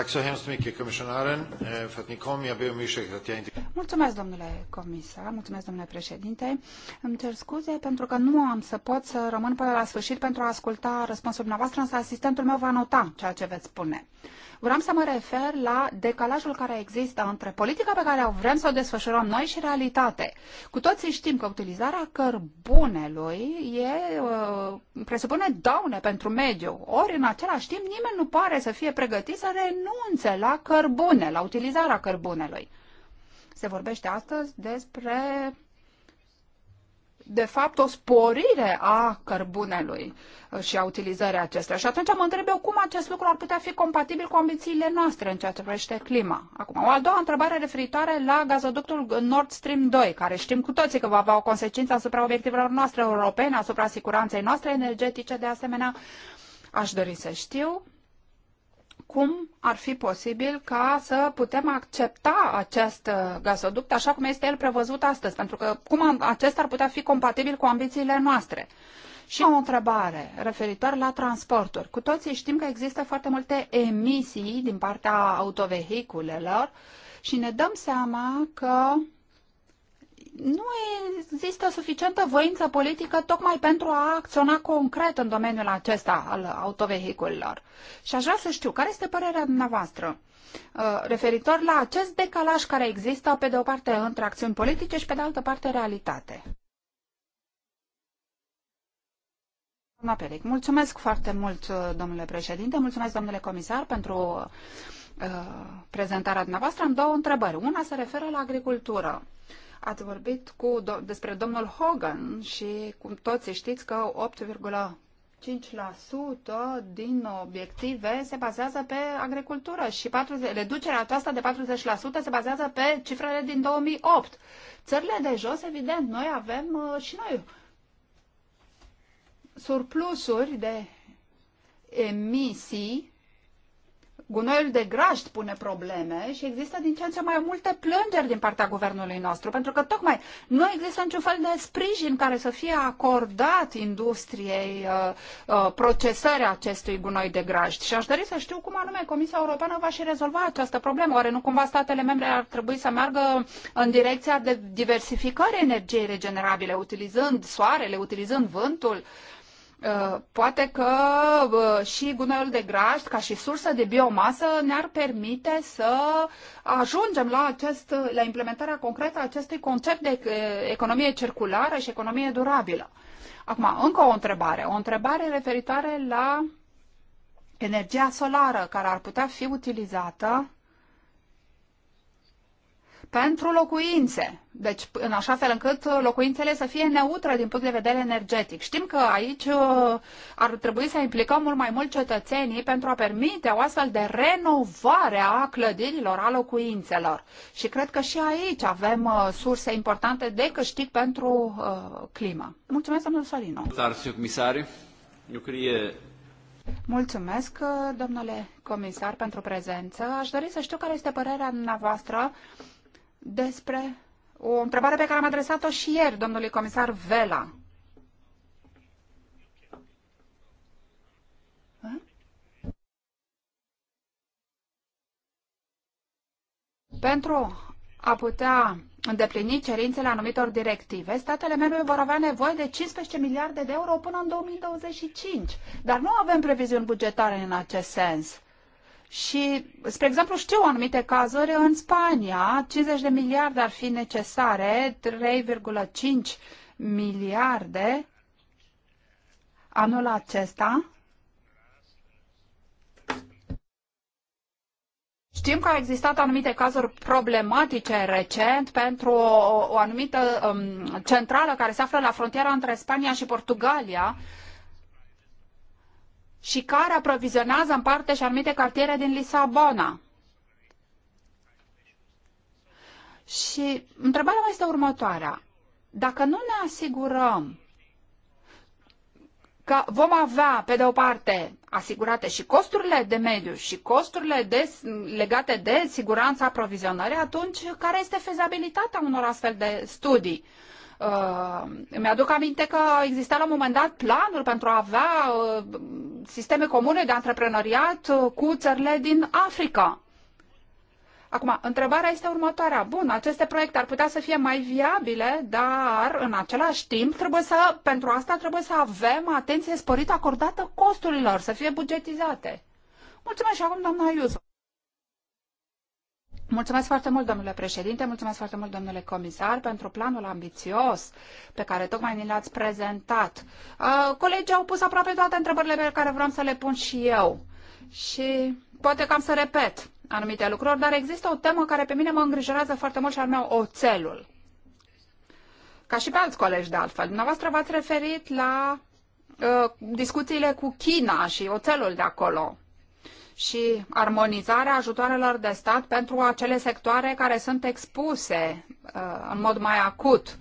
mulțumesc, domnule comisar, mulțumesc, domnule președinte. Îmi cer scuze pentru că nu am să pot să rămân până la sfârșit pentru a asculta răspunsul dumneavoastră, însă asistentul meu va nota ceea ce veți spune vreau să mă refer la decalajul care există între politica pe care o vrem să o desfășurăm noi și realitate. Cu toții știm că utilizarea cărbunelui e, uh, presupune daune pentru mediu, ori în același timp nimeni nu pare să fie pregătit să renunțe la cărbune, la utilizarea cărbunelui. Se vorbește astăzi despre de fapt, o sporire a cărbunelui uh, și a utilizării acestea. Și atunci mă întreb eu cum acest lucru ar putea fi compatibil cu ambițiile noastre în ceea ce privește clima. Acum, o a doua întrebare referitoare la gazoductul Nord Stream 2, care știm cu toții că va avea o consecință asupra obiectivelor noastre europene, asupra siguranței noastre energetice, de asemenea, aș dori să știu cum ar fi posibil ca să putem accepta acest gazoduct așa cum este el prevăzut astăzi, pentru că cum acesta ar putea fi compatibil cu ambițiile noastre. Și o întrebare referitor la transporturi. Cu toții știm că există foarte multe emisii din partea autovehiculelor și ne dăm seama că nu există suficientă voință politică tocmai pentru a acționa concret în domeniul acesta al autovehiculelor. Și aș vrea să știu care este părerea dumneavoastră uh, referitor la acest decalaj care există, pe de o parte, între acțiuni politice și, pe de altă parte, realitate. Doamna mulțumesc foarte mult, uh, domnule președinte, mulțumesc, domnule comisar, pentru uh, prezentarea dumneavoastră. Am două întrebări. Una se referă la agricultură ați vorbit cu, do- despre domnul Hogan și cum toți știți că 8,5% din obiective se bazează pe agricultură și 40, reducerea aceasta de 40% se bazează pe cifrele din 2008. Țările de jos, evident, noi avem uh, și noi surplusuri de emisii gunoiul de grajd pune probleme și există din ce în ce mai multe plângeri din partea guvernului nostru, pentru că tocmai nu există niciun fel de sprijin care să fie acordat industriei uh, uh, procesării acestui gunoi de grajd. Și aș dori să știu cum anume Comisia Europeană va și rezolva această problemă. Oare nu cumva statele membre ar trebui să meargă în direcția de diversificare energiei regenerabile, utilizând soarele, utilizând vântul? Uh, Uh, poate că uh, și gunoiul de grajd, ca și sursă de biomasă, ne-ar permite să ajungem la, acest, la implementarea concretă a acestui concept de uh, economie circulară și economie durabilă. Acum, încă o întrebare. O întrebare referitoare la energia solară care ar putea fi utilizată pentru locuințe. Deci, în așa fel încât locuințele să fie neutre din punct de vedere energetic. Știm că aici uh, ar trebui să implicăm mult mai mult cetățenii pentru a permite o astfel de renovare a clădirilor, a locuințelor. Și cred că și aici avem uh, surse importante de câștig pentru uh, climă. Mulțumesc, domnul Solino. Mulțumesc, uh, domnule comisar, pentru prezență. Aș dori să știu care este părerea dumneavoastră despre o întrebare pe care am adresat-o și ieri domnului comisar Vela. Pentru a putea îndeplini cerințele anumitor directive, statele membre vor avea nevoie de 15 miliarde de euro până în 2025. Dar nu avem previziuni bugetare în acest sens. Și, spre exemplu, știu anumite cazuri în Spania, 50 de miliarde ar fi necesare, 3,5 miliarde anul acesta. Știm că au existat anumite cazuri problematice recent pentru o, o anumită um, centrală care se află la frontiera între Spania și Portugalia, și care aprovizionează în parte și anumite cartiere din Lisabona. Și întrebarea mea este următoarea. Dacă nu ne asigurăm că vom avea, pe de o parte, asigurate și costurile de mediu și costurile de, legate de siguranța aprovizionării, atunci care este fezabilitatea unor astfel de studii? Uh, mi-aduc aminte că exista la un moment dat planul pentru a avea uh, sisteme comune de antreprenoriat uh, cu țările din Africa. Acum, întrebarea este următoarea. Bun, aceste proiecte ar putea să fie mai viabile, dar în același timp trebuie să, pentru asta trebuie să avem atenție sporită acordată costurilor, să fie bugetizate. Mulțumesc și acum, doamna Iuzo. Mulțumesc foarte mult, domnule președinte, mulțumesc foarte mult, domnule comisar, pentru planul ambițios pe care tocmai ni l-ați prezentat. Uh, colegii au pus aproape toate întrebările pe care vreau să le pun și eu. Și poate cam să repet anumite lucruri, dar există o temă care pe mine mă îngrijorează foarte mult și al meu oțelul. Ca și pe alți colegi de altfel. Dumneavoastră v-ați referit la uh, discuțiile cu China și oțelul de acolo și armonizarea ajutoarelor de stat pentru acele sectoare care sunt expuse uh, în mod mai acut.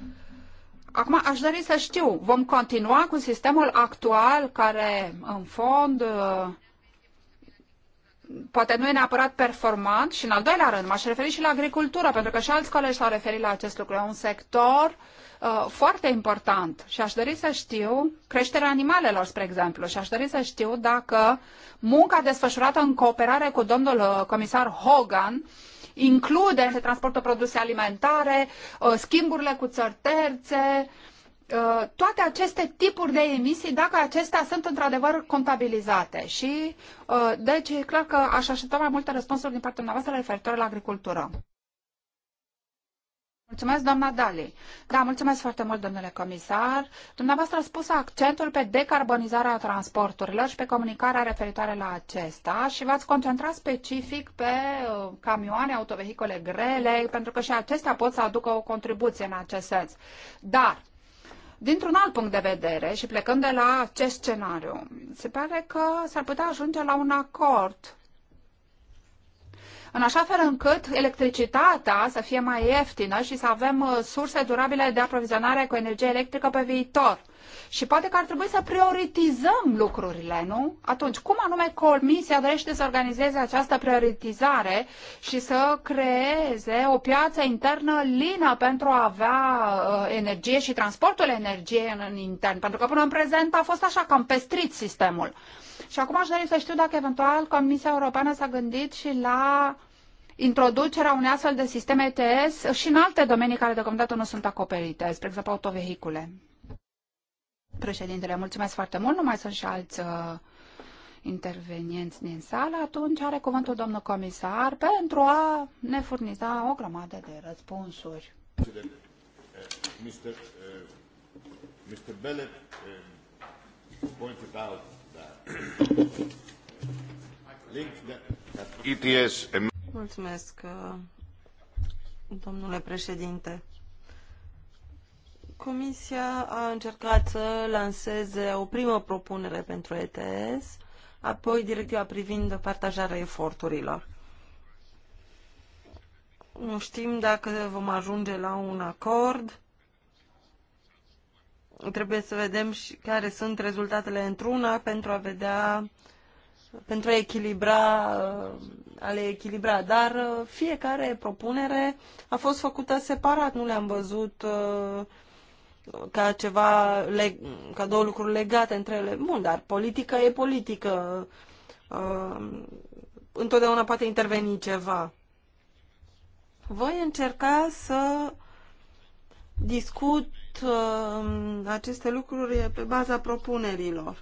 Acum aș dori să știu, vom continua cu sistemul actual care în fond uh, poate nu e neapărat performant și în al doilea rând m-aș referi și la agricultură, pentru că și alți colegi s-au referit la acest lucru. E un sector uh, Uh, foarte important și aș dori să știu creșterea animalelor, spre exemplu, și aș dori să știu dacă munca desfășurată în cooperare cu domnul uh, comisar Hogan include se transportă produse alimentare, uh, schimburile cu țări terțe, toate aceste tipuri de emisii, dacă acestea sunt într-adevăr contabilizate. Și, deci, e clar că aș aștepta mai multe răspunsuri din partea noastră referitor la agricultură. Mulțumesc, doamna Dali. Da, mulțumesc foarte mult, domnule comisar. Dumneavoastră a pus accentul pe decarbonizarea transporturilor și pe comunicarea referitoare la acesta și v-ați concentrat specific pe uh, camioane, autovehicole grele, pentru că și acestea pot să aducă o contribuție în acest sens. Dar, dintr-un alt punct de vedere și plecând de la acest scenariu, se pare că s-ar putea ajunge la un acord în așa fel încât electricitatea să fie mai ieftină și să avem uh, surse durabile de aprovizionare cu energie electrică pe viitor. Și poate că ar trebui să prioritizăm lucrurile, nu? Atunci, cum anume Comisia dorește să organizeze această prioritizare și să creeze o piață internă lină pentru a avea uh, energie și transportul energiei în intern? Pentru că până în prezent a fost așa, cam pestrit sistemul. Și acum aș dori să știu dacă eventual Comisia Europeană s-a gândit și la introducerea unei astfel de sisteme ETS și în alte domenii care deocamdată nu sunt acoperite, spre exemplu autovehicule. Președintele, mulțumesc foarte mult. Nu mai sunt și alți uh, intervenienți din sală. Atunci are cuvântul domnul comisar pentru a ne furniza o grămadă de răspunsuri. Eh, Mr. Eh, Mr. Bellet uh, eh, pointed out that Mulțumesc, domnule președinte. Comisia a încercat să lanseze o primă propunere pentru ETS, apoi directiva privind partajarea eforturilor. Nu știm dacă vom ajunge la un acord. Trebuie să vedem și care sunt rezultatele într-una pentru a vedea pentru a echilibra, a le echilibra, dar uh, fiecare propunere a fost făcută separat, nu le-am văzut uh, ca ceva, leg, ca două lucruri legate între ele. Bun, dar politica e politică. Um, întotdeauna poate interveni ceva. Voi încerca să discut um, aceste lucruri pe baza propunerilor.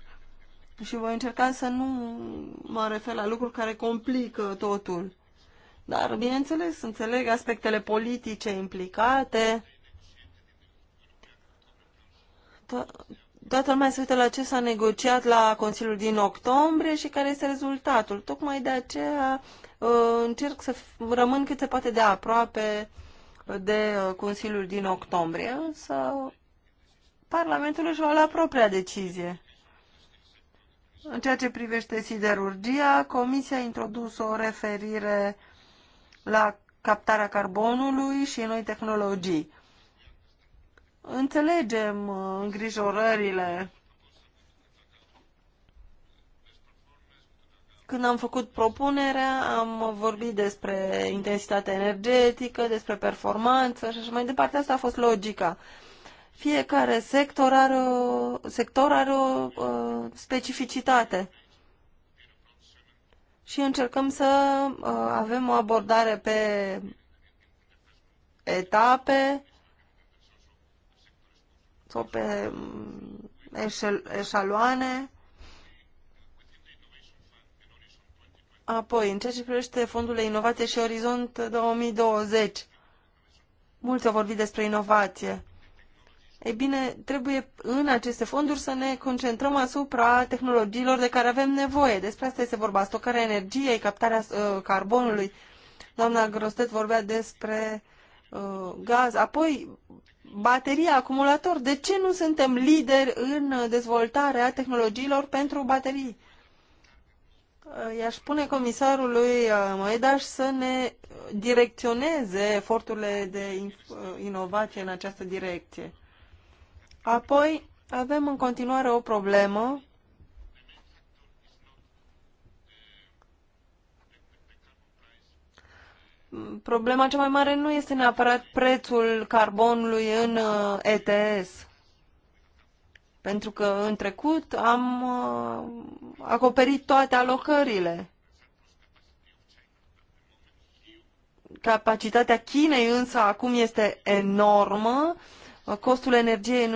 Și voi încerca să nu mă refer la lucruri care complică totul. Dar, bineînțeles, înțeleg aspectele politice implicate, toată lumea se uită la ce s-a negociat la Consiliul din octombrie și care este rezultatul. Tocmai de aceea uh, încerc să rămân cât se poate de aproape de uh, Consiliul din octombrie, însă Parlamentul își va lua propria decizie. În ceea ce privește siderurgia, Comisia a introdus o referire la captarea carbonului și noi tehnologii. Înțelegem uh, îngrijorările când am făcut propunerea, am vorbit despre intensitate energetică, despre performanță și așa mai departe. Asta a fost logica. Fiecare sector are o, sector are o uh, specificitate. Și încercăm să uh, avem o abordare pe etape sau pe mm, eșaloane. Apoi, în ceea ce privește fondurile inovație și Orizont 2020, mulți au vorbit despre inovație. Ei bine, trebuie în aceste fonduri să ne concentrăm asupra tehnologiilor de care avem nevoie. Despre asta este vorba, stocarea energiei, captarea uh, carbonului. Doamna Grostet vorbea despre uh, gaz. Apoi, baterii, acumulator. De ce nu suntem lideri în dezvoltarea tehnologiilor pentru baterii? Uh, i-aș spune comisarului uh, Moedaș să ne direcționeze eforturile de uh, inovație în această direcție. Apoi avem în continuare o problemă problema cea mai mare nu este neapărat prețul carbonului în uh, ETS. Pentru că în trecut am uh, acoperit toate alocările. Capacitatea Chinei însă acum este enormă. Costul energiei în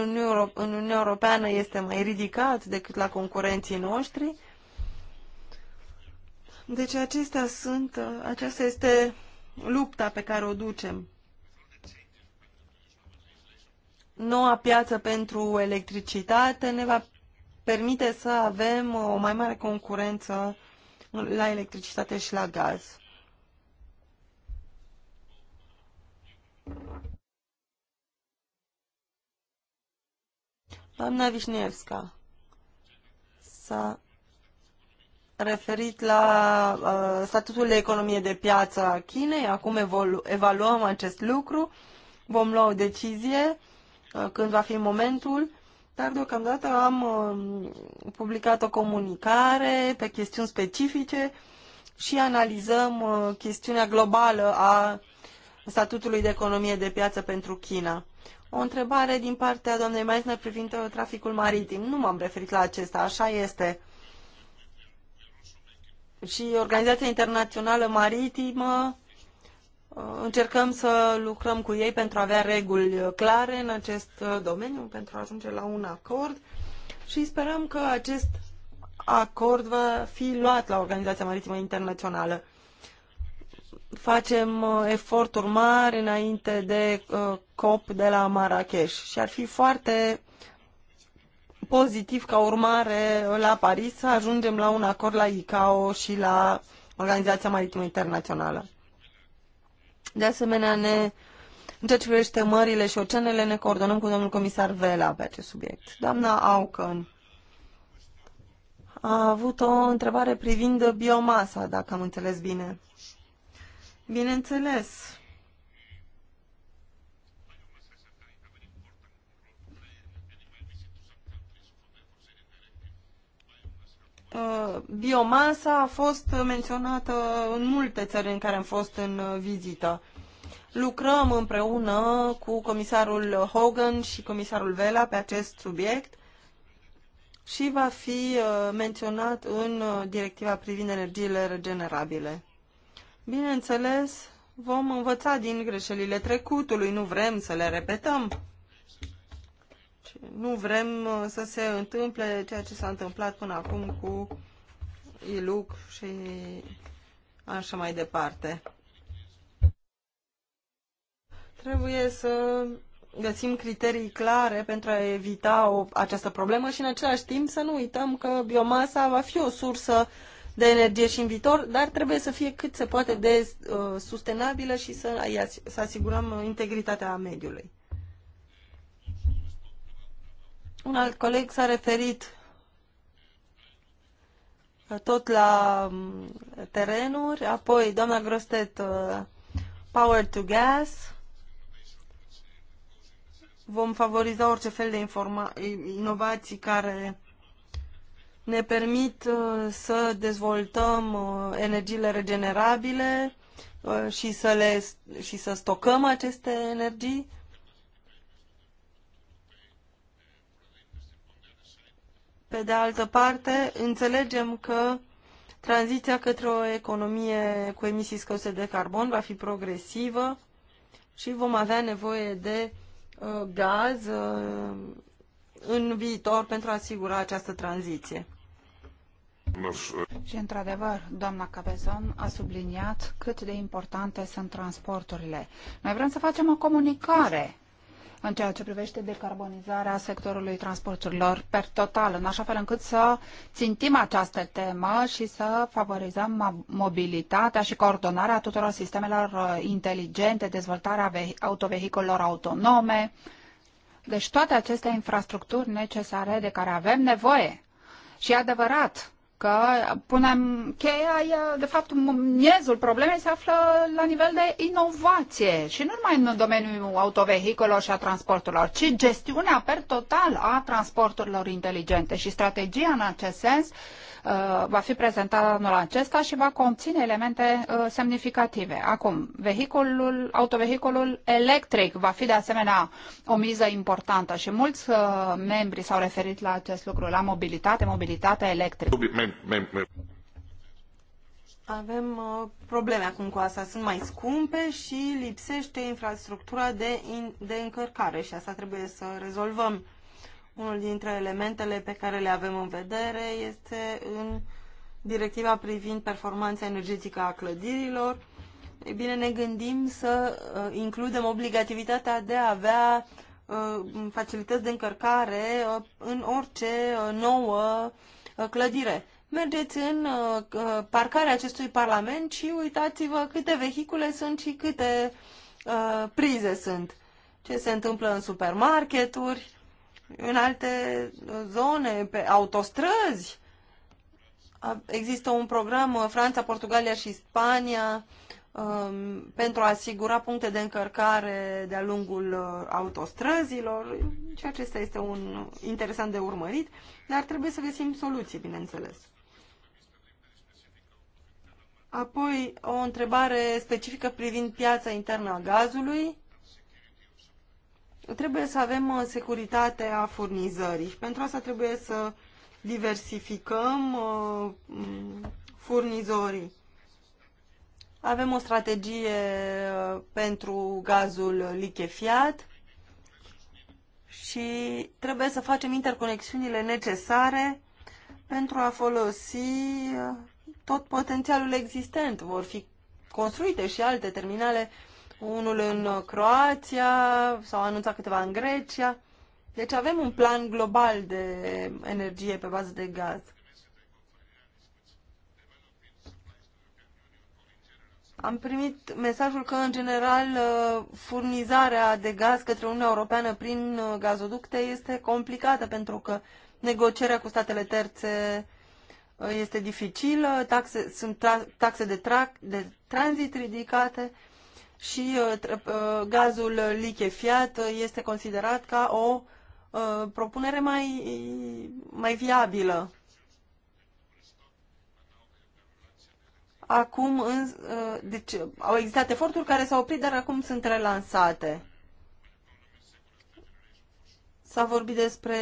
Uniunea Europeană este mai ridicat decât la concurenții noștri. Deci acestea sunt, uh, aceasta este lupta pe care o ducem. Noua piață pentru electricitate ne va permite să avem o mai mare concurență la electricitate și la gaz. Doamna Vișnevska, să referit la uh, statutul de economie de piață a Chinei. Acum evaluăm acest lucru, vom lua o decizie uh, când va fi momentul, dar deocamdată am uh, publicat o comunicare pe chestiuni specifice și analizăm uh, chestiunea globală a statutului de economie de piață pentru China. O întrebare din partea doamnei Meisner privind traficul maritim. Nu m-am referit la acesta, așa este. Uh, și Organizația Internațională Maritimă uh, încercăm să lucrăm cu ei pentru a avea reguli clare în acest uh, domeniu, pentru a ajunge la un acord și sperăm că acest acord va fi luat la Organizația Maritimă Internațională. Facem uh, eforturi mari înainte de COP de la Marrakesh și ar fi foarte pozitiv ca urmare la Paris să ajungem la un acord la ICAO și la Organizația Maritimă Internațională. De asemenea, ne, în ceea ce privește mările și oceanele, ne coordonăm cu domnul comisar Vela pe acest subiect. Doamna Aucăn a avut o întrebare privind biomasa, dacă am înțeles bine. Bineînțeles, Uh, biomasa a fost menționată în multe țări în care am fost în uh, vizită. Lucrăm împreună cu comisarul Hogan și comisarul Vela pe acest subiect și va fi uh, menționat în directiva privind energiile regenerabile. Bineînțeles, vom învăța din greșelile trecutului, nu vrem să le repetăm. Deci, nu vrem uh, să se întâmple ceea ce s-a întâmplat până acum cu ILUC și așa mai departe. Trebuie să găsim criterii clare pentru a evita o, această problemă și în același timp să nu uităm că biomasa va fi o sursă de energie și în viitor, dar trebuie să fie cât se poate de uh, sustenabilă și să, să asigurăm integritatea mediului. Un alt coleg s-a referit tot la mm, terenuri, apoi doamna Grostet, uh, power to gas, vom favoriza orice fel de inovații care ne permit uh, să dezvoltăm uh, energiile regenerabile și să, le, și să stocăm aceste energii. Pe de altă parte, înțelegem că tranziția către o economie cu emisii scăzute de carbon va fi progresivă și vom avea nevoie de uh, gaz uh, în viitor pentru a asigura această tranziție. Și, într-adevăr, doamna Cabezon a subliniat cât de importante sunt transporturile. Noi vrem să facem o comunicare în ceea ce privește decarbonizarea sectorului transporturilor per total, în așa fel încât să țintim această temă și să favorizăm mobilitatea și coordonarea tuturor sistemelor uh, inteligente, dezvoltarea autovehicolelor autonome, deci toate aceste infrastructuri necesare de care avem nevoie. Și adevărat, că punem cheia, de fapt, miezul problemei se află la nivel de inovație și nu numai în domeniul autovehicolor și a transporturilor, ci gestiunea per total a transporturilor inteligente și strategia în acest sens Uh, va fi prezentat anul acesta și va conține elemente uh, semnificative. Acum, vehiculul, autovehiculul electric va fi de asemenea o miză importantă și mulți uh, membri s-au referit la acest lucru, la mobilitate, mobilitate electrică. Avem uh, probleme acum cu asta. Sunt mai scumpe și lipsește infrastructura de, in, de încărcare și asta trebuie să rezolvăm. Unul dintre elementele pe care le avem în vedere este în directiva privind performanța energetică a clădirilor. E bine, ne gândim să uh, includem obligativitatea de a avea uh, facilități de încărcare uh, în orice nouă clădire. Mergeți în parcarea acestui parlament și uitați-vă câte vehicule sunt și câte prize sunt. Ce se întâmplă în supermarketuri, în alte uh, zone, pe autostrăzi. Există un program uh, Franța, Portugalia și Spania um, pentru a asigura puncte de încărcare de-a lungul uh, autostrăzilor și acesta este un interesant de urmărit, dar trebuie să găsim soluții, bineînțeles. Apoi, o întrebare specifică privind piața internă a gazului. Trebuie să avem uh, securitatea furnizării și pentru asta trebuie să diversificăm uh, furnizorii. Avem o strategie uh, pentru gazul lichefiat și trebuie să facem interconexiunile necesare pentru a folosi tot potențialul existent. Vor fi construite și alte terminale uh, unul în Croația, s-au anunțat câteva în Grecia. Deci avem un plan global de energie pe bază de gaz. Am primit mesajul că, în general, furnizarea de gaz către Uniunea Europeană prin gazoducte este complicată pentru că negocierea cu statele terțe este dificilă, taxe, sunt taxe de, tra- de tranzit ridicate și uh, uh, gazul lichefiat uh, este considerat ca o propunere mai, mai viabilă. Acum, în, deci, au existat eforturi care s-au oprit, dar acum sunt relansate. S-a vorbit despre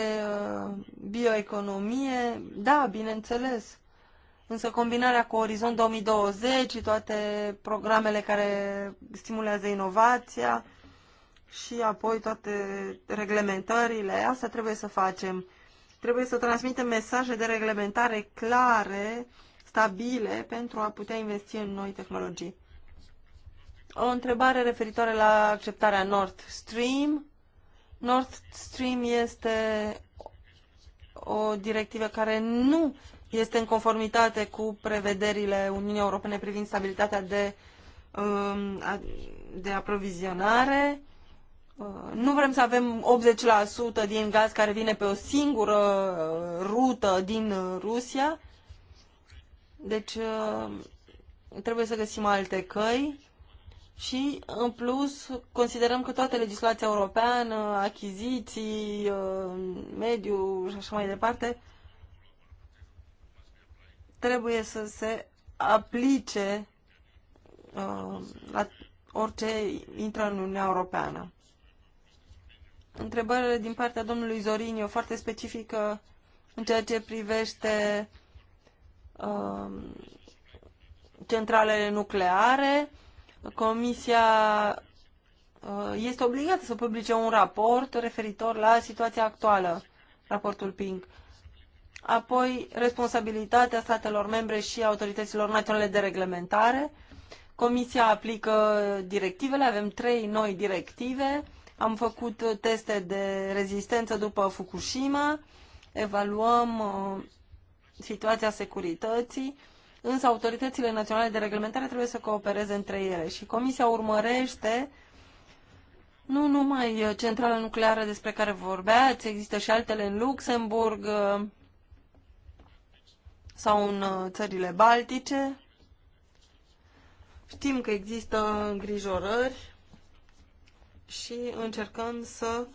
bioeconomie. Da, bineînțeles. Însă combinarea cu Orizont 2020 și toate programele care stimulează inovația și apoi toate reglementările, asta trebuie să facem. Trebuie să transmitem mesaje de reglementare clare, stabile, pentru a putea investi în noi tehnologii. O întrebare referitoare la acceptarea Nord Stream. Nord Stream este o directivă care nu este în conformitate cu prevederile Uniunii Europene privind stabilitatea de, um, de aprovizionare. Uh, nu vrem să avem 80% din gaz care vine pe o singură uh, rută din uh, Rusia. Deci trebuie să găsim alte căi și, în plus, considerăm că toată legislația europeană, achiziții, mediu și așa mai departe, trebuie să se aplice uh, la orice intră în Uniunea Europeană. Întrebările din partea domnului Zorin e foarte specifică în ceea ce privește uh, centralele nucleare. Comisia uh, este obligată să publice un raport referitor la situația actuală, raportul PINC apoi responsabilitatea statelor membre și autorităților naționale de reglementare. Comisia aplică directivele, avem trei noi directive, am făcut teste de rezistență după Fukushima, evaluăm uh, situația securității, însă autoritățile naționale de reglementare trebuie să coopereze între ele și Comisia urmărește nu numai centrala nucleară despre care vorbeați, există și altele în Luxemburg, uh, sau în uh, țările baltice. Știm că există îngrijorări și încercăm să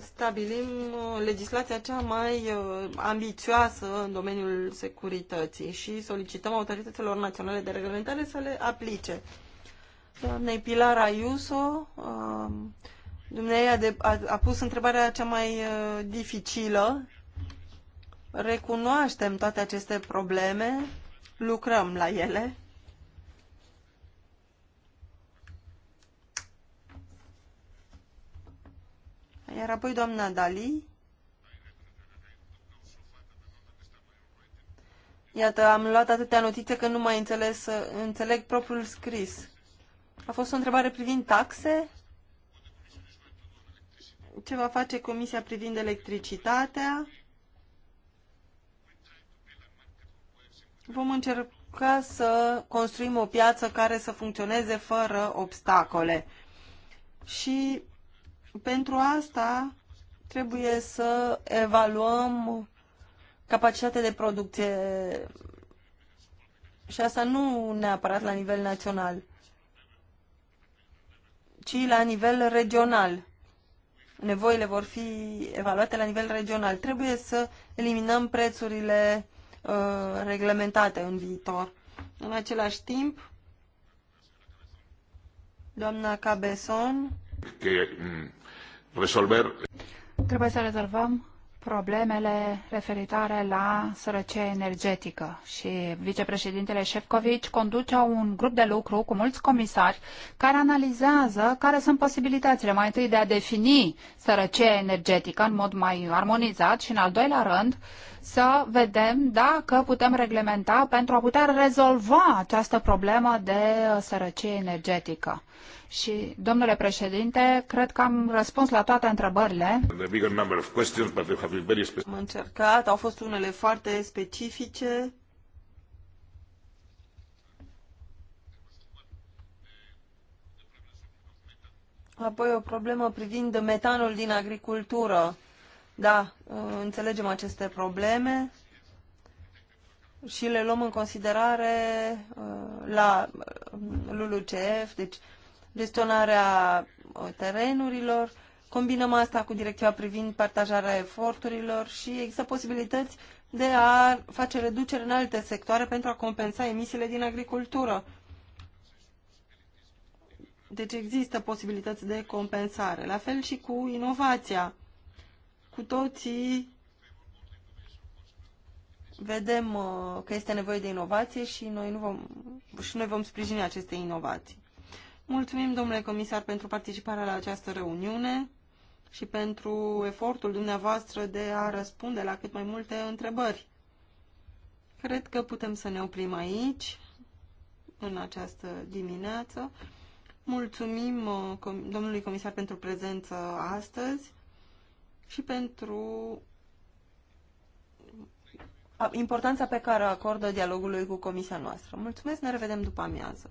stabilim uh, legislația cea mai uh, ambițioasă în domeniul securității și solicităm autorităților naționale de reglementare să le aplice. Doamnei Pilar Ayuso, dumneavoastră a, a pus întrebarea cea mai dificilă Recunoaștem toate aceste probleme, lucrăm la ele. Iar apoi doamna Dali. Iată, am luat atâtea notițe că nu mai înțeles, înțeleg propriul scris. A fost o întrebare privind taxe? Ce va face Comisia privind electricitatea? Vom încerca să construim o piață care să funcționeze fără obstacole. Și pentru asta trebuie să evaluăm capacitatea de producție și asta nu neapărat la nivel național, ci la nivel regional. Nevoile vor fi evaluate la nivel regional. Trebuie să eliminăm prețurile Uh, reglementate în viitor. În același timp, doamna Cabeson... Mm, resolver... Trebuie să rezolvăm problemele referitoare la sărăcie energetică și vicepreședintele Șefcovici conduce un grup de lucru cu mulți comisari care analizează care sunt posibilitățile mai întâi de a defini sărăcie energetică în mod mai armonizat și în al doilea rând să vedem dacă putem reglementa pentru a putea rezolva această problemă de sărăcie energetică. Și, domnule președinte, cred că am răspuns la toate întrebările. Am încercat, au fost unele foarte specifice. Apoi o problemă privind metanul din agricultură. Da, înțelegem aceste probleme și le luăm în considerare uh, la uh, LULUCF, deci gestionarea uh, terenurilor, combinăm asta cu directiva privind partajarea eforturilor și există posibilități de a face reduceri în alte sectoare pentru a compensa emisiile din agricultură. Deci există posibilități de compensare. La fel și cu inovația. Cu toții vedem uh, că este nevoie de inovație și noi, nu vom, și noi vom sprijini aceste inovații. Mulțumim, domnule comisar, pentru participarea la această reuniune și pentru efortul dumneavoastră de a răspunde la cât mai multe întrebări. Cred că putem să ne oprim aici, în această dimineață. Mulțumim uh, domnului comisar pentru prezență astăzi și pentru importanța pe care o acordă dialogului cu comisia noastră. Mulțumesc, ne revedem după amiază.